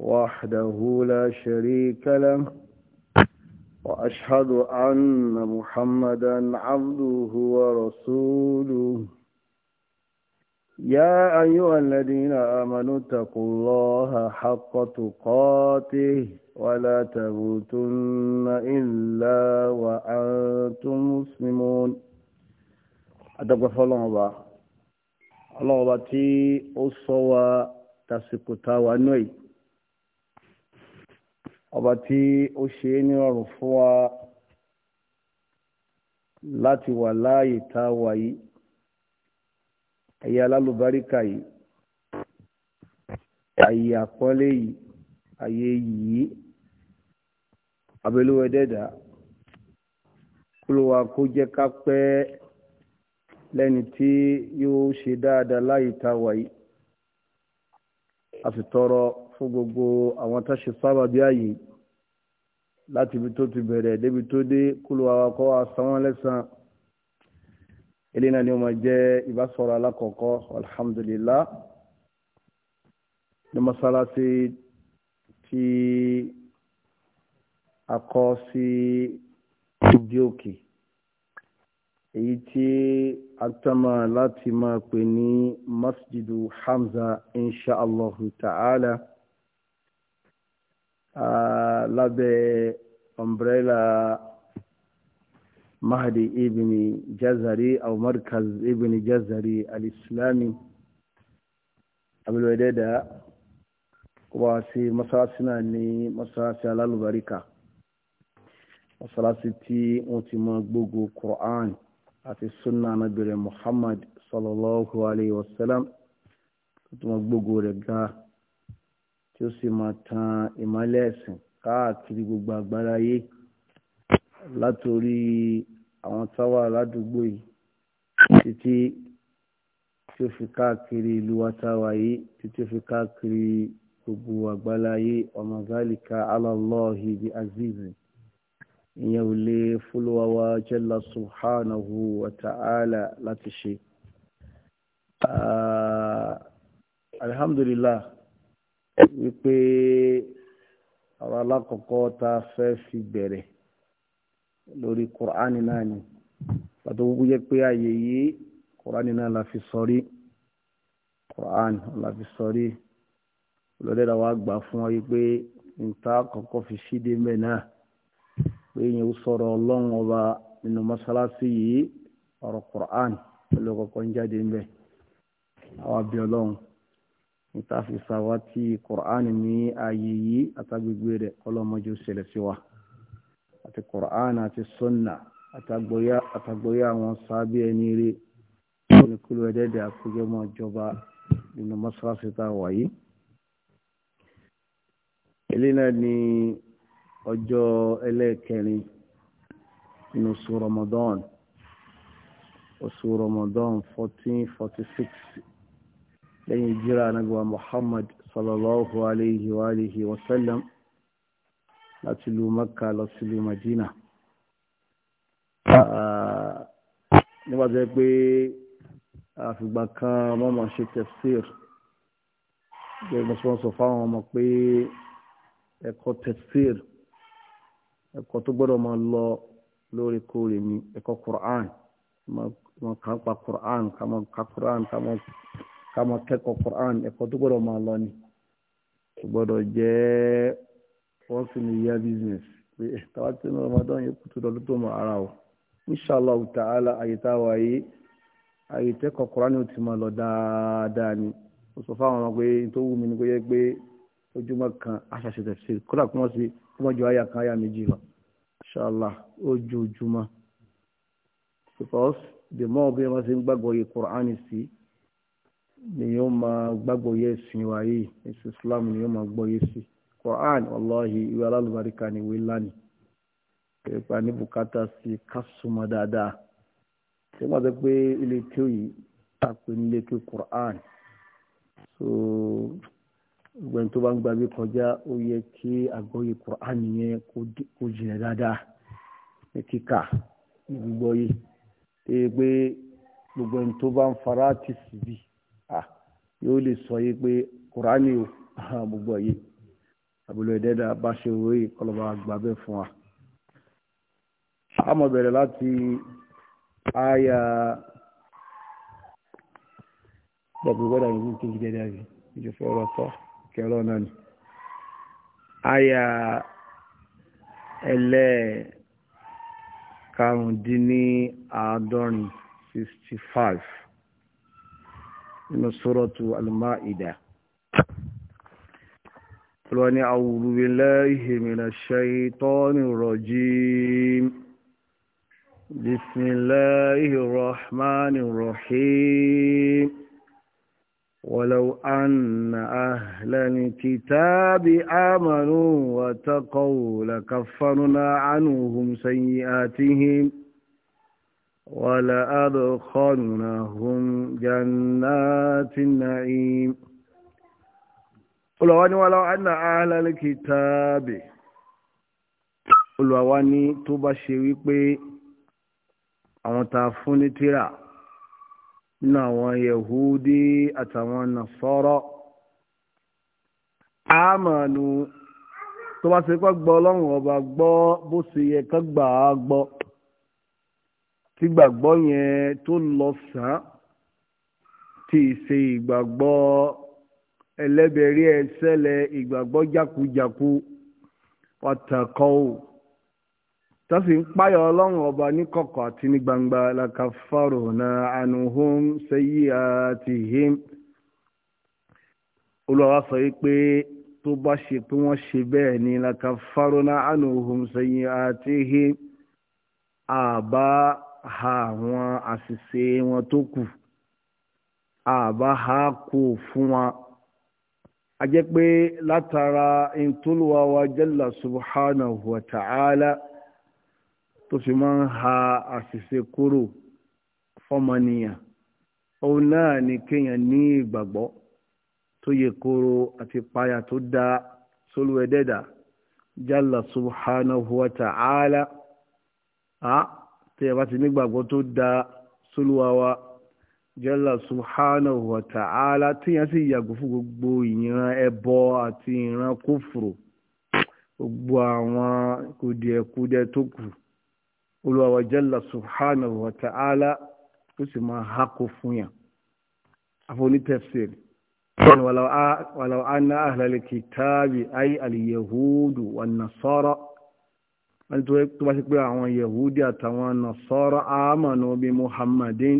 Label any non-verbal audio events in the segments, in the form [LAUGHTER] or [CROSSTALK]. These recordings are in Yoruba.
وحده لا شريك له وأشهد أن محمدا عبده ورسوله يا أيها الذين آمنوا اتقوا الله حق تقاته ولا تموتن إلا وأنتم مسلمون أدب فالله أبا الله أبا تي أصوى تسكتا ونوي ọba tí ó ṣe é nírọ̀rùn fún wa láti wà láàyè tá a wà yìí ẹ̀yà alálùbáríkà yìí àyè àpọ́nlé yìí àyè yìí abẹ́lúwẹ̀ dẹ́dà kúlùwà kó jẹ́ ká pẹ́ lẹ́ni tí yóò ṣe dáadáa láyè tá a wà yìí a sì tọrọ fún gbogbo àwọn tó ṣe sábà bí ààyè láti ibi tó ti bẹ̀rẹ̀ débi tó dé kúlù awakọ̀ asánwọ́n lẹ́sàn eléyìí náà ni wọ́n jẹ́ ìbásọ̀rọ̀ alákọ̀ọ́kọ́ alhamdulillah ní mọ́sálásí tí a kọ́ sí ibi òkè èyí tí a tọ́mọ̀ láti máa pè ní masjidu hamza insha'allahu ta'ala. ta'ala lábẹ́ umbrella مهدي ibn جزري أو markaz ibn جزري الإسلامي islami abulwadada kó bá sí masáàsì náà ní masáàsì alálùbáríkà masáàsì tí wọ́n ti mọ gbogbo Qur'an àti sunna anábìrẹ̀ Muhammad sallallahu alayhi wa sallam tó tún mọ gbogbo rẹ̀ gan tí ó sì máa tan ìmọ́lẹ̀ ẹ̀sìn káàkiri gbogbo àgbáláyé látòrí àwọn táwa aládùúgbò yìí títí tí ó fi káàkiri ìlú wa táwa yìí títí ó fi káàkiri gbogbo àgbáláyé ọmọ zálìkà alálọ́ọ̀hì bí azizi ìyẹn ò lè fúlùwà wa subhanahu wa ta'ala láti ṣe. Ah, alhamdulillah wípé ọ̀rọ̀ alákọ̀ọ́kọ́ tá a fẹ́ fi bẹ̀rẹ̀ lórí kùránì náà ni pàtó gbogbo jẹ́ pé ààyè yìí kùránì náà la fi sọrí kùránì la fi sọrí olódẹ́dà wa gbà fún ọ yìí pé nta kọ̀ọ̀kọ́ fi ṣíde mẹ́ náà pé yẹn ó sọ̀rọ̀ ọlọ́run ọba nínú mọ́ṣáláṣí yìí ọ̀rọ̀ kùránì ló kọ́kọ́ ń jáde ń àwọn abẹ́ ọlọ́run ìtafisa wa Qur'an ní ayé yìí àtàgbègbè rẹ̀ kọlọ́mọjú ṣẹlẹ̀ sí wa àti Qur'an àti sunna àtàgbóyà àwọn sábì ẹni rí oníkúlù ẹ̀dẹ́dẹ́ àkójọmọ́ ìjọba nínú mọ́ṣáláṣí tá a wà yìí. eléyìí náà ni ọjọ́ ẹlẹ́ẹ̀kẹrin nínú oṣù Ramadan oṣù Ramadan fourteen forty six lẹ́yìn ìjírà anábíwa muhammad sallallahu alayhi wa alihi wa sallam láti lu makka lọ sí lu madina ah, nígbà tó yẹ pé àfìgbà kan mọ́mọ́ ṣe tafsir gẹ́gẹ́ bí wọ́n sọ fáwọn ọmọ pé ẹ̀kọ́ tafsir ẹ̀kọ́ tó gbọ́dọ̀ máa lọ lóòrèkóòrè ni ẹ̀kọ́ Qur'an máa kà pa Qur'an ká máa ka Qur'an ká máa ká máa kẹ́kọ̀ọ́ Quran ẹ̀kọ́ tó gbọ́dọ̀ máa lọ ni kò gbọ́dọ̀ jẹ́ once in a year business pé tàwa tí mo Ramadan yìí kùtù lọ́dún tó mọ ara o inshallah ta'ala àyè tá a wà yìí àyè tẹ́kọ̀ọ́ Quran yóò ti máa lọ dáadáa ni ó sọ fáwọn ọmọ pé tó wù mí ni kò yẹ pé ojúmọ́ kan aṣàṣe tẹ̀sí kódà kó wọ́n sì kó wọ́n jọ àyà kan àyà méjì lọ inshallah ojoojúmọ́ because the more bí wọ́n ṣe ń gbàgbọ́ yìí Quran sí i. ni yóò máa gbàgbọ́ yẹ sin wa yìí islam ni yóò máa gbọ́ quran wallahi ìwé alálùbáríkà ni ìwé ńlá pẹ̀lú ní bùkátà sí kásùmọ̀ dáadáa ṣé wọ́n sọ pé ilé quran so tó bá ń gbàgbé kọjá ó yẹ kí quran yẹn kó jìnà dáadáa ní kíkà ní gbígbọ́ yìí pé gbogbo ẹni tó bá ń yóò lè sọ yìí pé kùránì gbogbo yìí àbúlọ̀ ìdẹ́dà bá ṣe òwe kọlọ́ba àgbàbẹ́ fún wa. a mọ̀ bẹ̀rẹ̀ láti àyà dàbí wọ́dà yìí tó jẹ́ dàbí ìjọba ọ̀rọ̀ sọ kẹrọ náà ni. àyà ẹlẹ́ karùndínláàádọ́rin sixty 65 nínú suratu al-Ma'ida lọ́ni a'udhu billahi minash shaitani rajim bismillahir rahmanir rahim ولو أن أهل الكتاب آمنوا واتقوا لكفرنا عنهم سيئاتهم ولأدخلنهم جنات النعيم olùwàwá ní wàlá àná àhàlálẹ́kìtàbì olùwàwá ní tó bá ṣe wípé àwọn tá a fún ní tíra nínú àwọn yahudi àtàwọn nasara àmàlù tó bá ṣe kọ́ gbọ́ ọlọ́run ọba gbọ́ bó ṣe yẹ ká gbà á gbọ́. tí gbàgbọ́ yẹn tó lọ sàn tí ìṣe ìgbàgbọ́ ẹlẹ́bẹ̀rí ẹsẹ̀lẹ̀ ìgbàgbọ́ jákujàku ọ̀tàkọ́ ò tọ́sí ń páyọ̀ ọlọ́run ọba ní kọ̀kọ̀ àti ní gbangba lakafaru na anuhum sayyiatihim olùwàwá sọ yìí pé tó bá ṣe pé wọ́n ṣe bẹ́ẹ̀ ni lakafaru na anuhum sayyiatihim àbá. ha àwọn àṣìṣe wọn tó kù àbá ha kò fún wa a jẹ́ pé látara ìtúlùwà wa jalla subhanahu wa ta'ala tó fi máa ń ha àṣìṣe kúrò fọ́mọnìyàn òun náà ni kéèyàn ní ìgbàgbọ́ tó yẹ kóró àti páyà tó dá sólú ẹ̀dẹ́dà jalla subhanahu wa ta'ala a tẹ́yẹ bá ti nígbàgbọ́ tó da sólúwa wa jalla subhanahu wa ta'ala tíyẹn sì yàgò fún gbogbo ìran ẹbọ àti ìran kófòrò gbogbo àwọn kùdìẹ̀kudẹ tó kù Olúwa wa jalla subhanahu wa ta'ala sì máa hákò fún yàn àfonítẹ́fsìrì ولو أن أهل الكتاب أي اليهود والنصارى wọ́n tó bá ṣe pé àwọn yahudi àtàwọn nasara amanu bí muhammadin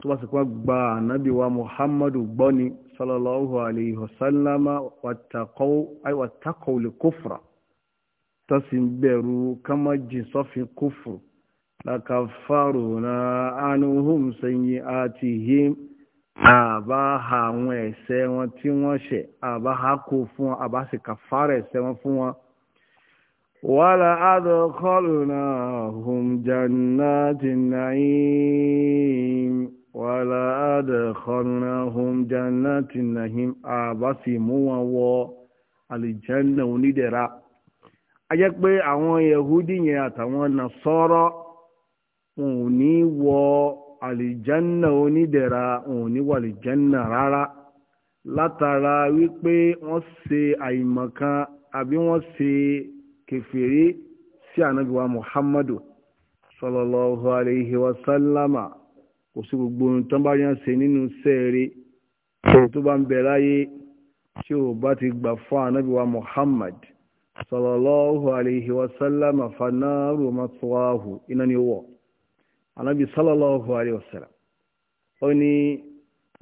tó bá ṣe pé gba ànábì wa muhammadu gbọ́ ni sallallahu alayhi wa sallama wattaqaw li kufra tó sì ń bẹ̀rù kámájì sọ́fin kufru lakafaruna anuhum sayyi'atihim àbá àwọn ẹ̀ṣẹ̀ wọn tí wọ́n ṣe àbá ha kó fún wọn àbá sì kàfàrà ẹ̀ṣẹ̀ wọn fún wọn. ولأدخلناهم جنات النعيم ولأدخلناهم جنات النعيم àbáfi wọ àlìjánà onidere a jẹ́ pé àwọn yahudi yẹn àtàwọn nasọ́rọ́ wọn ò ní wọ àlìjánà wọn ò àìmọ̀kan kèfèrí sí ànábìwá muhammadu sallallahu alayhi wa sallama kò sí gbogbo ohun tó bá yàn ṣe nínú sẹ́ẹ̀rẹ́ tó bá ń bẹ láyé tí ò bá ti gbà fún ànábìwá muhammad sallallahu alayhi wa sallama fanáàrù matuwahu iná ni wọ̀ ànábì sallallahu alayhi wa ó ní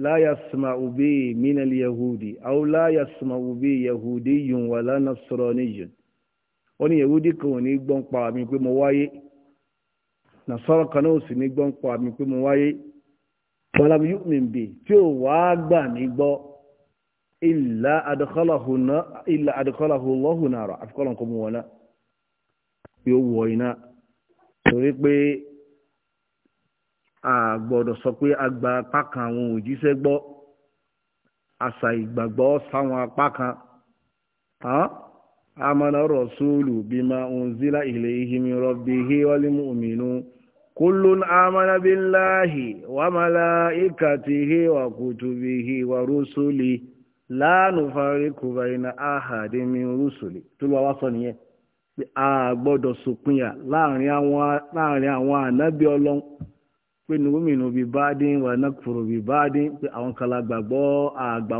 la yasma'u bi min al-yahudi aw la yasma'u bi yahudiyyun wala nasraniyyun ó ní yẹ̀wúdí kan ò ní gbọ́n pa mi pé mo wáyé nàṣọ́rà kan náà ò sì ní gbọ́n pa mi pé mo wáyé tí ò wá gbà mí gbọ́ illa adkhalahu Allahu náà yóò wọ iná a gbọ́dọ̀ sọ pé a kan àwọn òjíṣẹ́ gbọ́ àṣà ìgbàgbọ́ sáwọn apá kan. amara rosso olu bi ma n zila ile ihe mi rọ bi ihe olimu ominu kwụlun amara bi nlaahịwamala ịkati ihe ịwakwuto bi ihe waro rosso olu lanu fara ịkụbari na ahadi mi rosso olu tolu awa so n'ihe bi agbodo sokunya laari awọn anabi olom pé nùmínú bíi báàdín wà nàkùrù bíi báàdín pé àwọn kan gbàgbọ́ àgbà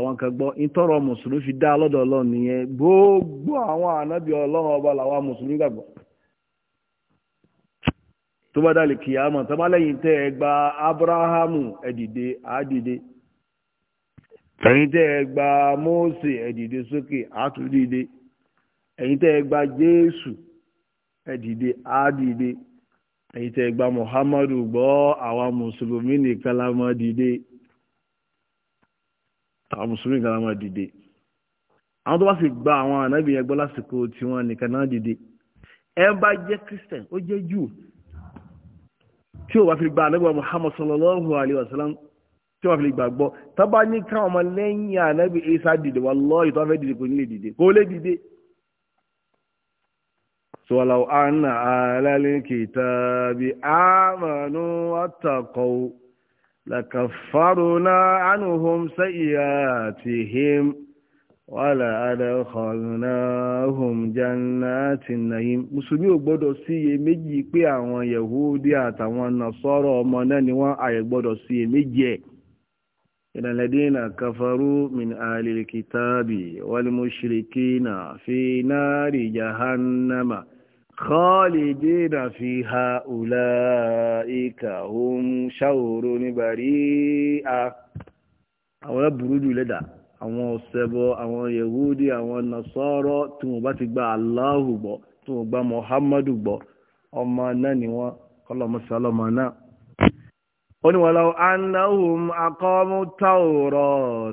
ìtọ́rọ mùsùlùmí fi dá lọ́dọ̀ ọlọ́run gbogbo àwọn ànábì ọlọ́run ọba làwọn mùsùlùmí gbàgbọ́ tó bá dálé kìyàmọ̀ tó abrahamu ẹ̀dìde àádìde ẹ̀yìn tẹ́ ẹ gba mose ẹ̀dìde sókè àtúndìde ẹ̀yìn tẹ́ èyí tẹ́ gba muhammadu gbọ́ àwa mùsùlùmí nìkan la dìde àwa mùsùlùmí nìkan dìde àwọn tó bá sì gba àwọn ànábì yẹn gbọ́ lásìkò tiwọn nìkan náà dìde ẹ bá jẹ́ christian ó jẹ́ jù tí ó fi gba ànábì muhammadu sallallahu alayhi wa sallam tí ó fi gbàgbọ́ tábà ní káwọn ọmọ lẹ́yìn ànábì isa dìde wallahi tó wá dìde kò ní lè dìde kò lè dìde. sọ́wọ́láwọ́ anna alálẹ́kìtàbí àmànú àtàkọ́ lakafaruna anuhum sayyiatihim wàhálà adakhalnahum jannatin na'im mùsùlùmí ò gbọ́dọ̀ síye méjì pé àwọn yahudi àtàwọn nasọ́rọ̀ ọmọ náà ni wọ́n àyè gbọ́dọ̀ síye méjì ẹ̀ ìrànlẹ́dínà kafaru min alil kitabi wal mushrikina fi nari jahannama خالدين فيها أولئك هم شور بريئة àwọn burúkú lẹ́dà àwọn ọ̀sẹ̀bọ àwọn yehudi àwọn nasọ́rọ́ tí wọ́n bá ti gba aláhù gbọ́ tí wọ́n gba muhammadu gbọ́ ọmọ náà ni wọ́n kọlọmọsálọmọ náà ó ní wọ́lọ́ anáhùn akọ́mú tàwọ̀rọ̀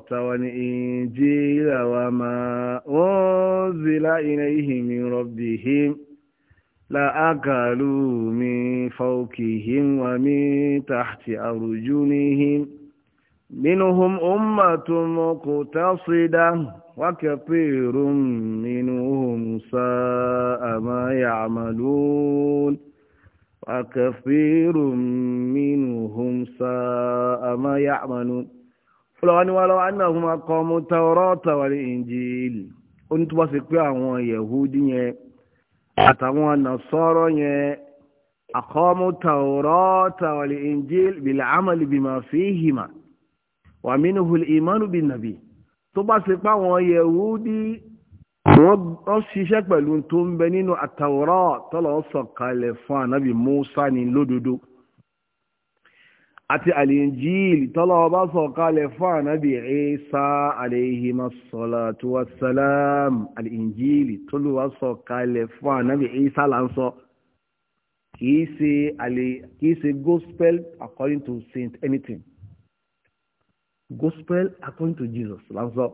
tàwọn ìjìyà máa ń zìlá ilẹ̀ ìhìnmí rọ̀bìhìm لأكلوا من فوقهم ومن تحت أرجلهم منهم أمة مقتصدة وكثير منهم ساء ما يعملون وكثير منهم ساء ما يعملون فلان ولو أنهم أقاموا التوراة والإنجيل أنتم بسكوا عن يهودين àtàwọn nasọ́rọ̀ yẹn aqamu tawrata wal injil bil amali bima fihima wa minhu al imanu bin nabi tó bá ṣe pa àwọn yẹ̀wúdí wọ́n ṣiṣẹ́ pẹ̀lú tó ń bẹ nínú àtàwọ̀rọ̀ tọ́lọ̀ sọ̀kalẹ̀ fún ànábì Musa ní lódodo àti al-Injil tọ́lọ́wọ́ bá sọ kalẹ̀ fún ànábì Isa alayhi as-salatu was-salam al-Injil tọ́lọ́wọ́ sọ kalẹ̀ fún ànábì Isa là ń sọ kìí ṣe kìí ṣe gospel according to saint anything gospel according to Jesus là tó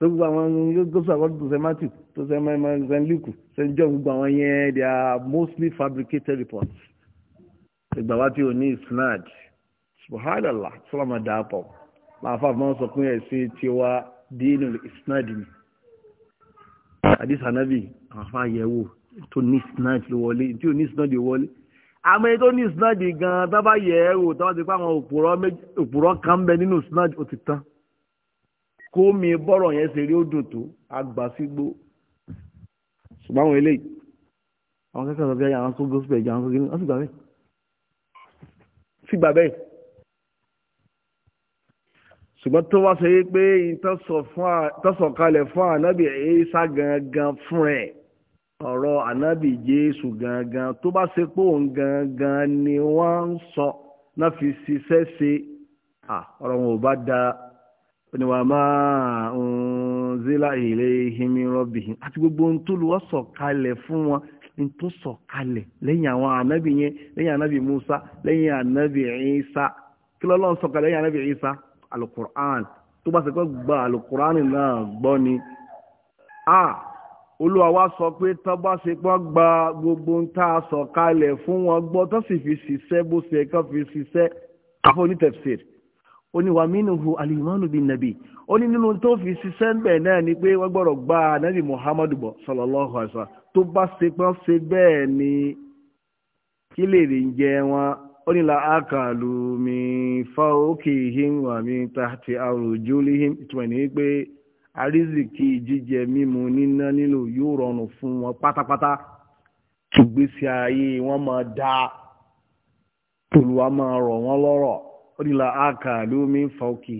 gbogbo àwọn gospel according to saint Matthew to saint Luke saint John gbogbo àwọn yẹn they are mostly fabricated reports ìgbà wá tí o ní isnad subhanallah sọlọmọ dàápọ̀ máa fà máa sọ pé ẹ̀sìn tí wá dínú isnad ni àdìs ànábì àwọn afá yẹ̀wò tó ní isnad ló wọlé tí o ní isnad ló wọlé àmọ́ èyí tó ní isnad gan tábà yẹ̀wò tábà ti pa àwọn òpùrọ̀ kan bẹ nínú isnad ó ti tán kó mi bọ́rọ̀ yẹn ṣe rí ó tó àgbà sígbó ṣùgbọ́n àwọn eléyìí àwọn kẹ́kẹ́ sọ pé àwọn sọ gospel ìjà àwọn sọ gíní wọ́n sì gbà bẹ́ẹ̀ sì gbà bẹ́ẹ̀ ṣùgbọ́n tó wá sọ yé pé ìtọ́sọ̀kalẹ̀ fún ànábì Ìsá gangan fún ẹ̀ ọ̀rọ̀ ànábì Jésù gangan tó bá ṣe pé òun gangan ni wọ́n ń sọ náà fi ṣiṣẹ́ ṣe ọ̀rọ̀ wọn ò bá da oníwà máa ń zílà ìlé ìhìnmí rọ́bì àti gbogbo ohun tó lu ọ̀sọ̀kalẹ̀ fún wọn tó sọ kalẹ̀ lẹ́yìn àwọn ànábì yẹn lẹ́yìn ànábì Musa lẹ́yìn ànábì Isa kí lọ́lọ́ sọ kalẹ̀ lẹ́yìn ànábì Isa alukur'an tó bá sẹ́kọ́ gba alukur'an náà gbọ́ ni a olúwa wa sọ pé tó bá sẹ́kọ́ gba gbogbo ń tá a sọ kalẹ̀ fún wọn gbọ́ tó sì fi ṣiṣẹ́ bó ṣe kọ́ fi ṣiṣẹ́ afọ onítẹ̀fṣẹ̀rì ó ní wa mínúhu alìmọ́nù bí nàbí ó ní nínú tó fi ṣiṣẹ́ ń bẹ̀ náà ni pé wọ́n gbọ́dọ̀ gba nàbí muhammadu bọ̀ sallallahu alaihi tó bá ṣe pọ́n ṣe bẹ́ẹ̀ ni kí lè rí jẹ wọn ó nílà ákàlù mi fa òkè ihim wà mí tàti àròjù lihim ìtumọ̀ ní pé àrísìkì jíjẹ mímu níná nílò yóò rọrùn fún wọn pátápátá tùgbésí ayé wọn máa dá tòlúwa máa rọ̀ wọn lọ́rọ̀ ó mi fa òkè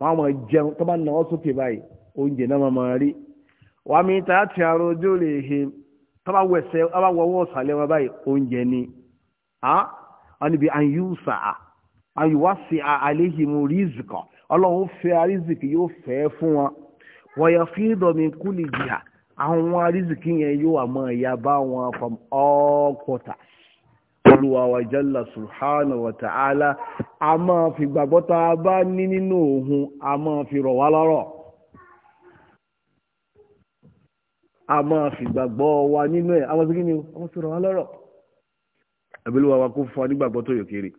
wọn máa jẹun tó bá sókè báyìí oúnjẹ náà máa rí wà mí ta ti àrùn ojú lè he tọ́ba wẹ̀sẹ̀ ọba wọwọ́ ọ̀sàlẹ̀ wọn báyìí oúnjẹ ni wọn níbi àyùsà àyùwàsí àléhìmù rìzìkọ̀ ọlọ́run fẹ́ àrízìkì yóò fẹ́ fún wọn wọ̀yọ̀ fídọ̀mì kúlì àwọn àrízìkì yẹn yóò àmọ́ ìyá bá wọn from all quarters olúwa wa subhanahu wa ta'ala a máa fi gbàgbọ́ tá a bá ní nínú òun a máa fi rọ̀ wá lọ́rọ̀ a máa fìgbàgbọ́ wa nínú ẹ̀ àwọn sí kí ni o àwọn sọ̀rọ̀ wa lọ́rọ̀ àbílùwà wa kó fún wa nígbàgbọ́ tó yòkèrè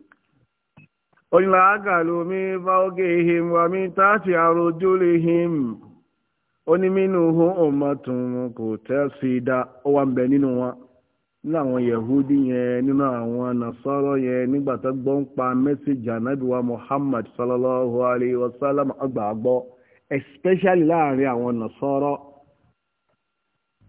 onílà ágàlù mi fáwọ́kẹ́ ihim wa mi táàtì àròjú lè him onímínú ohun ọmọtún kò tẹ́ sí i dá ó wà ń bẹ nínú wọn nínú àwọn yahudi yẹn nínú àwọn nasọ́rọ̀ yẹn nígbà tó gbọ́ ń pa mẹ́sẹ̀jì ànábìwá muhammad sallallahu alayhi wa sallam gbọ́, especially láàrin àwọn nasọ́rọ̀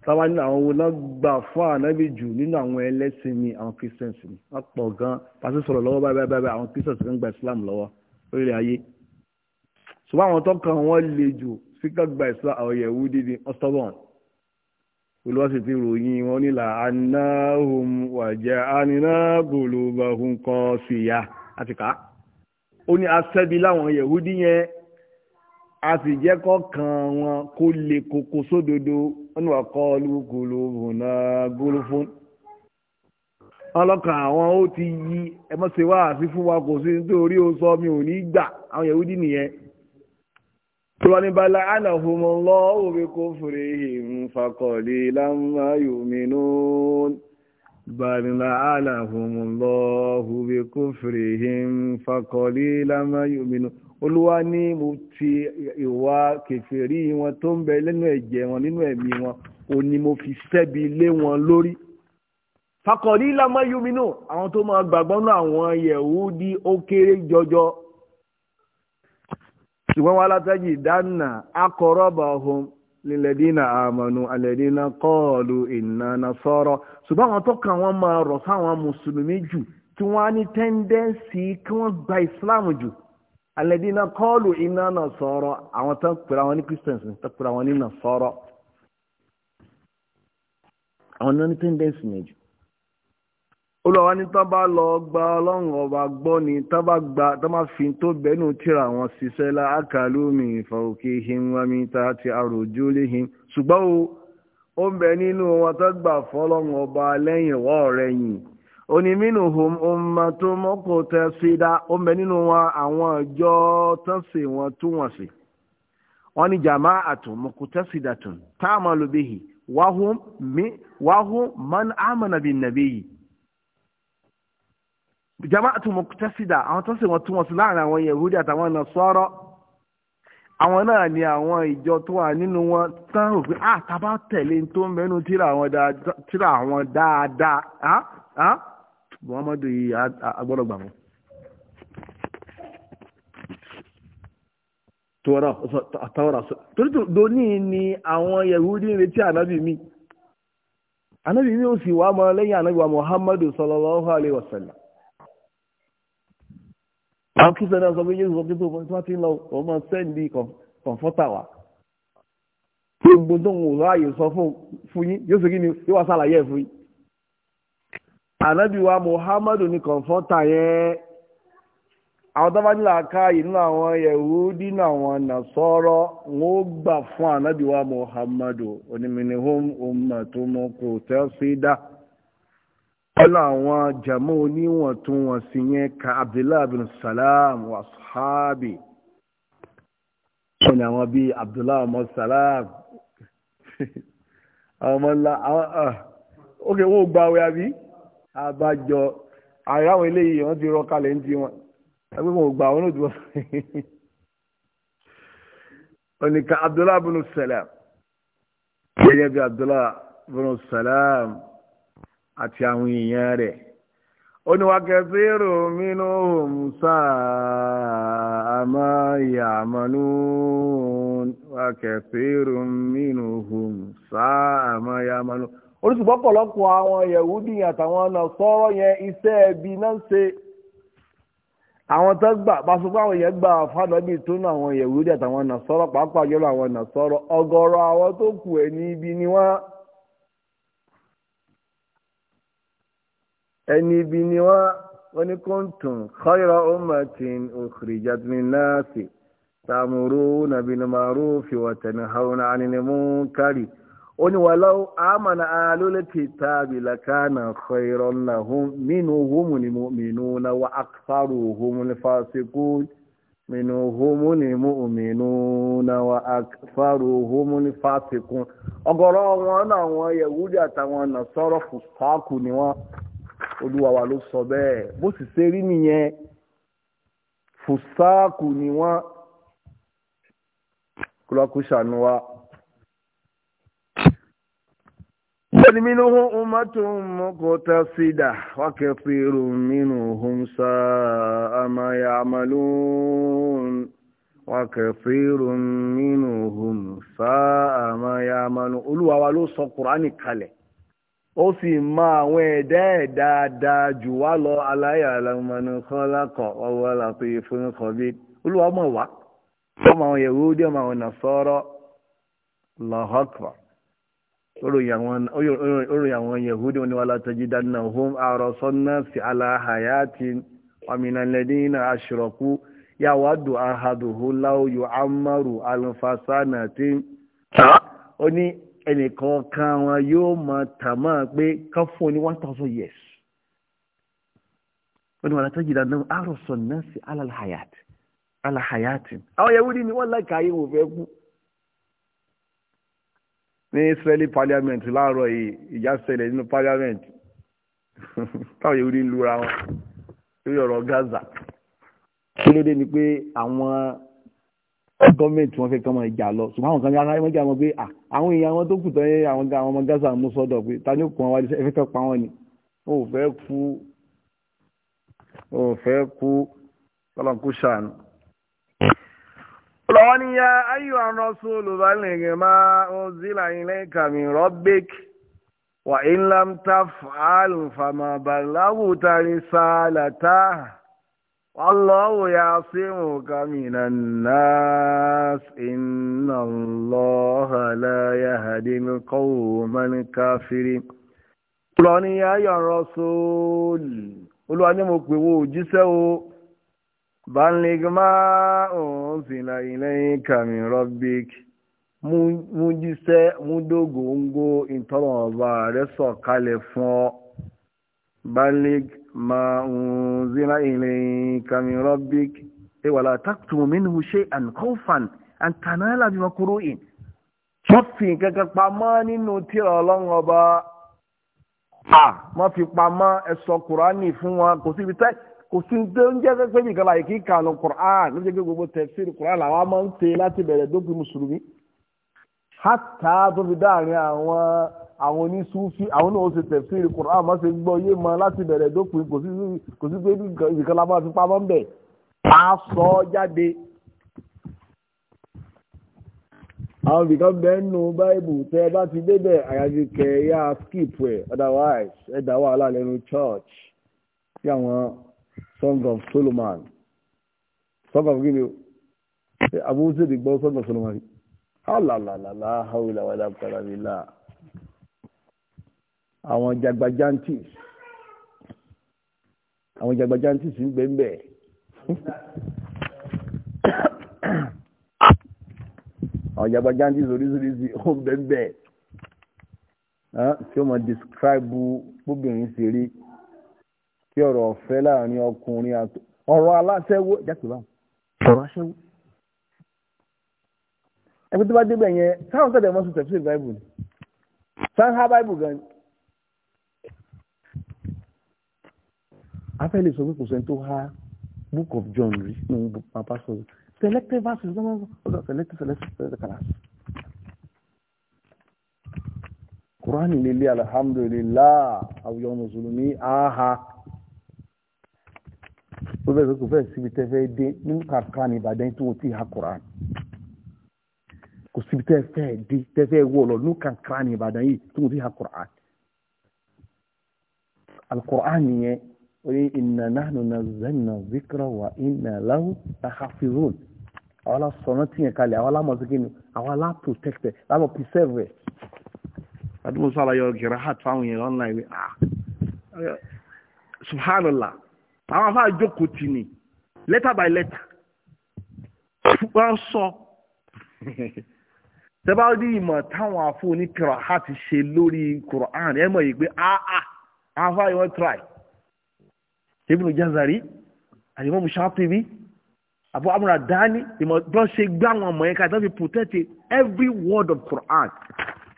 táwa ní àwọn owó náà gbà fún ànábì jù nínú àwọn ẹlẹ́sìn mi àwọn christians mi wọ́n pọ̀ gan pàṣẹ sọ̀rọ̀ lọ́wọ́ báyìí báyìí àwọn christians kan gba islam lọ́wọ́ lórílẹ̀ ayé ṣùgbọ́n àwọn tó kàn wọ́n le jù síkà gba islam àwọn Yẹhudi ní ọ̀sọ́bọ̀n olùwàsí ti ròyìn wọn nílà anáhùn wàjẹ́ anínábòlùbàhùn kan síyà àti ká ó ní asẹ́bi láwọn Yẹhudi yẹn a sì jẹ́ kọ́ kan wọn kó le koko sódodo. So wọ́n wà kọ́ọ̀lù gòlòbùnà gòlòfún ọlọ́kàn àwọn ó ti yí ẹmọ́sẹ̀ wá àfi fún wa kò sí nítorí ó sọ mi ò ní gbà àwọn yẹ̀wúdí nìyẹn tí wọ́n ní bala ánàfọ́mọ́ lọ òwe kó fèrè ìhìn fakọ̀lì kó fèrè ìhìn fakọ̀lì lámà yòmínú. olúwa ní mo ti ìwà kèfèrí wọn tó ń bẹ lẹ́nu ẹ̀jẹ̀ wọn nínú ẹ̀mí wọn o ni mo fi sẹ́bi lé wọn lórí. fakọ̀rí lámọ́ yuminu àwọn tó máa gbàgbọ́ náà àwọn yẹ̀wúdí ó kéré jọjọ. ṣùgbọ́n wa látàjì dáná akọ̀rọ̀bà ọ̀hún lílẹ̀dínà àmọ̀nù àlẹ́dínà kọ́ọ̀lù ìnáná sọ̀rọ̀ ṣùgbọ́n àwọn tó kàn wọ́n máa rọ̀ sáwọn mùsùlùmí jù tí wọ́n á ní kí wọ́n gba ìsìláàmù jù alẹ́dínà kọ́ọ̀lù iná náà sọ̀rọ̀ àwọn tán pèrè àwọn ní christians tán pèrè àwọn nínà sọ̀rọ̀ àwọn ní tendency yẹn jù ní bá lọ gba ọlọ́run ọba gbọ́ ni bá gba tán bá fi tó bẹ́nu tíra àwọn ṣiṣẹ́ la ákàlù mi ti àròjú ṣùgbọ́n o ń bẹ nínú wọn onímínúhùn ọmọ tó mọ́kò tẹ́ sí dá ó nínú wọn àwọn ìjọ tán sí wọn wọn sí wọn ni jàmá àtún mọ́kò tẹ́ sí dàtún táàmù lóbìhì wàhùn man amànàbí nàbí yìí jàmá àtún mọ́kò tẹ́ sí dá àwọn tán sí wọn tó wọn sí láàrin àwọn yahudi àtàwọn àwọn náà ni àwọn ìjọ tó wà nínú wọn tán rò pé àtàbà ah, muhammadu yìí agbọ́dọ̀ gbà mọ́ tọ́wọ́rà sọ torí tó dóní ni àwọn yẹ̀wúdí retí ànábì mi ànábì mi ò sì wá mọ́ lẹ́yìn ànábì wa muhammadu sallallahu alaihi wasallam àwọn kí sẹ́ni ọ̀sán méjèèjì sọ pé tó bá ti ń lọ wọ́n máa sẹ́ndì kọ̀ǹfọ́tà wa gbogbo tó ń wò láàyè sọ fún yín yóò sì kí ni yóò wá sàlàyé ẹ̀ fún yín. Anabiwa muhammadu n'i kọ̀ǹfọ́ntà yẹn àwọn tó bá nílò àkáyè nínú àwọn yahudi nínú àwọn nasọ́rọ́ wọn ó gbà fún ànábì wa muhammadu onímìnihum ummatumu kò tẹ́ sí dá ọ̀nà àwọn jàmọ́ oníwọ̀ntúnwọ̀nsì yẹn ka abdullahi bin salam wa sahabi ọ̀nà àwọn bíi abdullahi bin salam [LAUGHS] àwọn ọmọ ńlá àwọn ọ̀h ah, ok wọ́n gba awẹ́ àbí. abájọ àrà àwọn eléyìí wọ́n ti rọ kalẹ̀ ń di wọn ẹgbẹ́ wọn ò gbà wọn lòdì wọn. oníkà [LAUGHS] abdullahi bin salam gẹ́gẹ́ bí abdullahi bin salam àti àwọn èèyàn rẹ̀ ó ní wàá kẹsí rò mínú musa àmà yàmánú wàá kẹsí rò musa àmà yàmánú oríṣìíríṣìí pọ̀lọpọ̀ àwọn yẹ̀wúdì àtàwọn ọ̀nà sọ́rọ̀ yẹn iṣẹ́ ẹbí náà ń ṣe àwọn tó gbà pàṣẹ pé àwọn èèyàn gbà fàdọ́bì tó nà àwọn yẹ̀wúdì àtàwọn ọ̀nà sọ́rọ̀ pàápàá yọ̀rọ̀ àwọn ọ̀nà sọ́rọ̀ ọ̀gọ̀rọ̀ àwọn tó kù ẹ̀ ní ibi ni wọ́n ẹni ibi ni wọ́n wọ́n ní kóńtùn khayra ummatin ukhrijat linnasi ta'muruna bil ma'rufi wa tanhawna 'anil oni walau amana alul kitabi lakana khayran lahum minhum almu'minuna wa aktharuhum alfasiqun minhum almu'minuna wa aktharuhum alfasiqun ọ̀gọ̀rọ̀ wọn náà wọn yehudi àtàwọn nasoro fusaku ni wọ́n Olúwa wa ló sọ bẹ́ẹ̀ bó sì ṣe rí nìyẹn fusaku ni wọ́n kula kushanu wọ́n mi lóhun umatun muqtasida wa kathirun minhum sa'a ma ya'malun wa kathirun minhum sa'a ma ya'malun olúwa wa ló sọ kùránì kalẹ̀ ó sì mọ àwọn ẹ̀dá ẹ̀ dáadáa jù wá lọ aláyàlámọ́nù kọ́lákọ̀ ọwọ́ làpẹ́ fún kọ́bí olúwa mọ̀ wá ọmọ àwọn yẹ̀wò ó dé àwọn nàṣọ́rọ̀ Allahu oróyìn àwọn yahudi wọn ni wala tajidannahum a'rasannasi ala hayatin wa minal ladina ashraku yawaddu ahaduhum law yu'ammaru alfa sanatin ó ní ẹnìkan kan wọn yóò máa tàmá pé ká fún ní one thousand years wọ́n ni wala tajidannahum a'rasannasi ala hayatin ala hayatin àwọn yahudi ni wọ́n láìka ayé wò fẹ́ kú ní Israeli parliament láàárọ̀ yìí ìjà ṣẹlẹ̀ nínú parliament [LAUGHS] táwọn yòówù ní lura wọn lórí ọ̀rọ̀ Gaza kí ló dé ni pé àwọn gọ́ọ̀mẹ̀ntì wọn fẹ́ kọ́ ọmọ ìjà lọ ṣùgbọ́n àwọn kan ní aráyé mọ́jà wọn pé àwọn èèyàn wọn tó kù tán yẹn àwọn ọmọ Gaza mú sọ́dọ̀ pé ta ni ó kù wọn wájú ẹfẹ́ fẹ́ pa wọn ni ó fẹ́ kú ó fẹ́ kú ọlọ́run kú ṣàánú. lọ́wọ́ ya ayọ̀ aránṣú olùbálẹ̀gẹ̀ máa ń zílà ilẹ̀ kàmí rọ́bík wà ìlàm fàmà bàláwùtà ní sàlàtà wàlọ́wù yà símù kàmí nànàs iná lọ́hàlà yà hàdínú kọ́wù káfírí. ya ayọ̀ aránṣú olùwà ní pè o. balligh ma unzila ilayka min rabbik mú jíṣẹ́ mú dógóńgó ìtọ́lọ̀ọ̀bá rẹ̀ sọ̀kalẹ̀ fún ọ balligh ma unzila ilayka min rabbik ẹ wala taktumu minhu shay'an khawfan an tanala bi in, ṣọ́fìn kankan pamọ́ nínú tírà ọlọ́run ọba a má fi pamọ́ ẹ sọ kùránì fún wọn kò síbi tẹ́ẹ̀ kò sí ń jẹ́ pé nìkan láyé kí kà lọ Qur'an ló jẹ́ pé gbogbo tafsir Qur'an làwọn máa ń ṣe láti bẹ̀rẹ̀ dópin mùsùlùmí hátà tó fi dáàrin àwọn àwọn onísúfí àwọn náà ó ṣe tafsir Qur'an máa ṣe gbọ́ yé mọ láti bẹ̀rẹ̀ dópin kò sí pé nìkan la máa fi pamọ́ ń bẹ̀ á sọ jáde. àwọn ibìkan bẹ́ẹ̀ nù báìbù tẹ́ ẹ bá ti débẹ̀ àyàfi kẹ̀ yá skip ẹ̀ otherwise ẹ̀ dá wàhálà lẹ́nu church tí àwọn sons of Solomon sons of gini eh, Abu Zayd gbọ́ sons of Solomon alalala hawila wàlá kàlàbílà àwọn jagbajantis àwọn jagbajantis ń bẹ ń bẹ àwọn jagbajantis oríṣiríṣi ó ń bẹ ń bẹ tí ó mọ describe bóbìnrin ṣe rí kí ọ̀rọ̀ ọ̀fẹ́ láàrin ọkùnrin àti ọ̀rọ̀ aláṣẹ́wó jákèjá ọ̀rọ̀ aṣẹ́wó. ẹgbẹ́ tó bá débẹ̀ yẹn táwọn tẹ̀lé mọ́ sí tẹ̀síwì báìbù ni sanha báìbù gan ni. afẹ́ lè sọ pé kò sẹ́ni tó há book of John rí nínú Papa pásítọ̀ selective verses ló máa ń sọ selective selective selective class. Kùránì lè lé alhamdulillah àwùjọ mùsùlùmí áhà ó fẹ́ kó fẹ́ síbi tẹ́ fẹ́ dé nínú kàkà ní ìbàdàn tó ti ha koran kò síbi tẹ́ fẹ́ dé tẹ́ fẹ́ wọ̀ lọ nínú kàkà ní ìbàdàn yìí tó ti ha koran alukoran yẹn ó ní inna nahnu nazzalna dhikra wa inna lahu lahafizun àwọn aláṣọ̀nà tìyẹn kalẹ̀ àwọn alámọ̀síkínú àwọn aláprotected láwọn preserve adúmọ̀sọ́ àlàyé ọ̀gẹ̀rẹ̀ hàt fáwọn yẹn online ah subhanallah àwọn afáà jókòó tì ní letter by letter wọ́n sọ tẹ́báàdì ìmọ̀ táwọn afọ oníkìrà á ti ṣe lórí Quran ẹ mọ̀ yìí pé áá afáà yóò try Ibn Jazari àyẹ̀mọ́ Mushatibi àbọ̀ amúradání ìmọ̀ tó ṣe gbá àwọn ọmọ yẹn ká tó fi protect every word of Quran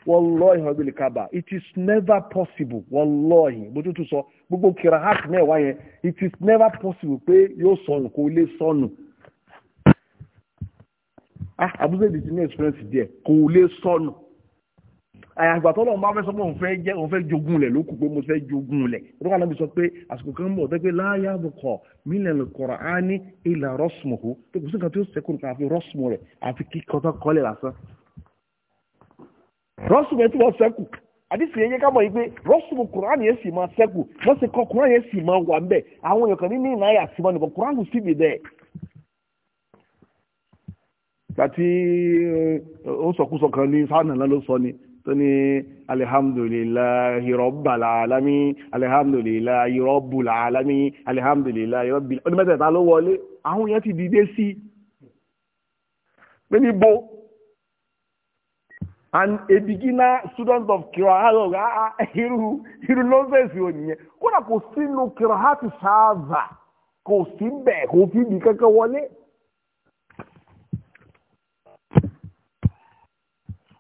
wallahi ọ̀gbìn kaba it is never possible wallahi bójú tó sọ gbogbo kirahat mẹ́wàá yẹn it is never possible pé yóò sọnù kó lè sọnù ah abúlé di ti ní experience díẹ̀ kó lè sọnù àyàgbà tó lọ́wọ́ bá fẹ́ sọ pé òun fẹ́ jẹ́ òun fẹ́ jogun lẹ̀ ló pé mo fẹ́ jogun lẹ̀ lọ́wọ́ alábi sọ pé àsìkò kan bọ̀ tẹ́gbẹ́ láyà bùkọ̀ mílẹ̀ lùkọ̀rọ̀ á ní ilà rọ́sùmù kó tó kù sí tó ṣẹ́kù nǹkan àfi rọ́sùmù rẹ̀ àfi kíkọ́ kọ́lẹ̀ lásán rọ́ṣùmù e wọ́n sẹ́kù àdìsí yẹn ká mọ̀ yìí pé rọ́ṣùmù kùránì yẹn sì máa sẹ́kù wọ́n sì kọ́ kùránì yẹn sì wà ńbẹ̀ àwọn èèyàn kan ní ní ìnáyà sí máa Kati kùránì eh, ni Alihamdulilahi alami Alihamdulilahi alami Alihamdulilahi ló wọlé ahụ ya ti dide si. and a beginner student of kirahato irú irú nonsense wo nìyẹn kódà kò sínú kirahati sáàzà kò sí bẹ́ẹ̀ kò fi bì kankan wọlé.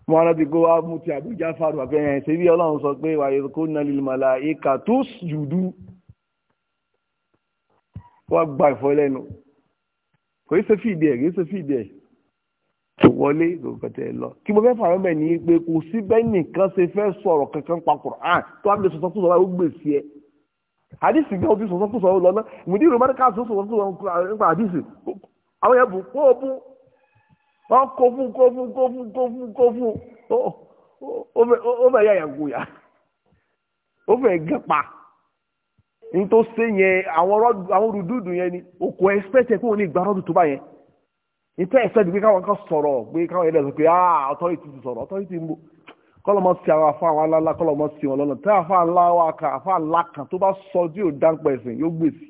wọn rántí kó wá mú ti àbújá fáwọn àfihàn ṣe bí ọlọ́run sọ pé wàyí kó na lil malaika tusjudu wọ́n gba ìfọ́ lẹ́nu kò í ṣe fìdí ẹ̀ kò í tó wọlé gògòtẹ́ lọ kí mo fẹ́ fà mẹ́mẹ́ ní pé kò sí bẹ́ẹ̀ nìkan ṣe fẹ́ sọ̀rọ̀ kankan pa Qur'an tó wà lè sọ̀tọ̀ sọ̀rọ̀ ó gbèsè ẹ̀ hadisi gbẹ́ òbí sọ̀tọ̀ sọ̀rọ̀ lọ náà ìmùdí ìròmọ́ni ká sọ̀tọ̀ sọ̀rọ̀ nípa hadisi àwọn yẹn bù kó o bú wọn kó fún kó fún kó fún kó fún kó fún ó fẹ́ yà yàgò yà ó fẹ́ gẹ̀pa ní tó ṣe yẹn àwọn rúdúdù yẹn ni òkò ẹ̀sìpẹ̀tẹ̀ kó o ní ìgbà rọ́dù tó bá ìtẹ́ ẹ̀fẹ́ ti pé káwọn kan sọ̀rọ̀ pé káwọn yẹn lẹ́sọ̀ pé ah authority ti sọ̀rọ̀ authority ń bò kọ́lọ́mọ sí àwọn afá àwọn aláńlá kọ́lọ́mọ sí wọn lọ́nà tẹ́ afá ńlá wa kan afá ńlá kan tó bá sọ tí yóò dáńpẹ́ ẹ̀sìn yóò gbèsè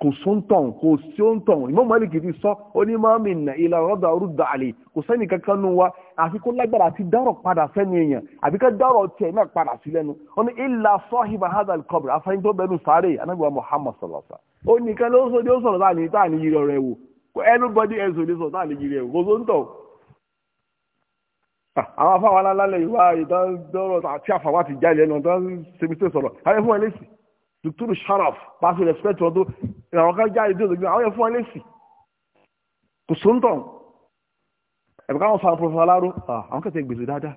kò sóńtàn kò sóńtàn Imam Malik ti sọ onímọ̀mí nà ìlà rọ́dà rúdà àlè kò sẹ́ni kankan nu wa àfi kó lágbára àti dárọ̀ padà sẹ́ni èèyàn àbí ká dárọ̀ tiẹ̀ náà padà sí lẹ́nu ó ní ìlà sọ́hìbà hadal kọ́bìrì afẹ́yìntàn bẹ́ẹ̀ nù sáré anábìwá Muhammad sallallahu alaihi wasallam ó nìkan ló ń sọ ní ó sọ̀rọ̀ táà ní táà ní yìí rẹ̀ wò anybody else ò ní sọ náà lè yiri ẹ̀ kò sóńtọ̀ àwọn afáwọn alálẹ̀ ìwà ìdánwò àti àfàwà ti jáde ẹnu ọ̀dọ́ ṣèmísè sọ̀rọ̀ àwọn ẹ̀fọn ẹlẹ́sì dùtúrù sharaf pàṣẹ respect ọdún ìràwọ̀ kan jáde dé òdòdó àwọn ẹ̀fọn ẹlẹ́sì kò sóńtọ̀ ẹ̀bùkà àwọn fan professor aláró àwọn kẹsẹ̀ gbèsè dáadáa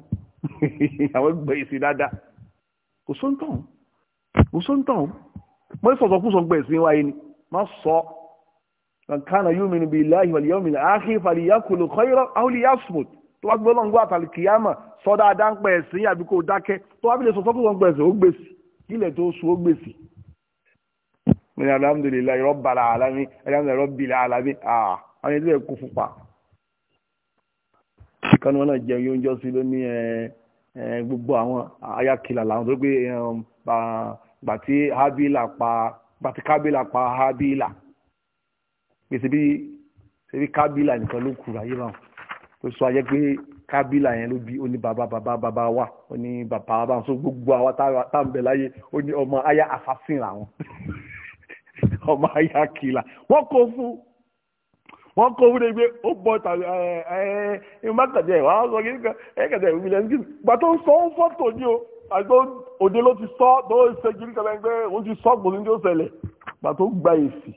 [LAUGHS] àwọn gbèsè dáadáa kò sóńtọ̀ kò sóńtọ̀ mo ní sọ̀tọ̀ kú sọ gbèsè wáyé ni má sọ man kana yuminu billahi wal yawmil akhir falyakul khayran aw liyasmut tó wá gbọ́dọ̀ ń gbọ́ àtàlì kìyàmà sọ dáadáa ń pẹ́ ẹ̀sìn àbí kò dákẹ́ tó wá bí lè sọ sọ́kùn wọn gbẹ̀sẹ̀ ó gbèsì ilẹ̀ tó sùn ó gbèsì. mi ni alhamdulilayi rabbil alamin alhamdulilayi rabbil alamin aa àwọn ilé ẹ̀kọ́ fúnpa. kánú wọn náà jẹ oúnjẹ sí lóní gbogbo àwọn ayakìlà làwọn tó gbé gbàtí um, habila pa gbàtí kábílà pa habila pé ṣebí ṣebí kábílà nìkan ló kù ayé báwọn tó sọ ayé pé kábílà yẹn ló bí ó bàbá bàbá bàbá wa ó ní bàbá wa báwọn so gbogbo àwa tá à ń bẹ láyé ó ní ọmọ aya assassin làwọn [LAUGHS] ọmọ aya kìlà wọ́n kó fún wọ́n kó wúlò gbé ó bọ́ tàbí ẹ ẹ ẹ mákàtí ẹ wàá sọ kíkà ẹ kàtà ẹ wílẹ̀ ní gbà tó ń sọ ó fọ́tò ní o àgbo òde ló ti sọ tó ń ṣe kíkà lẹ́gbẹ́ ó ti sọ gbòmí tó ṣẹlẹ̀ gbà tó gba èsì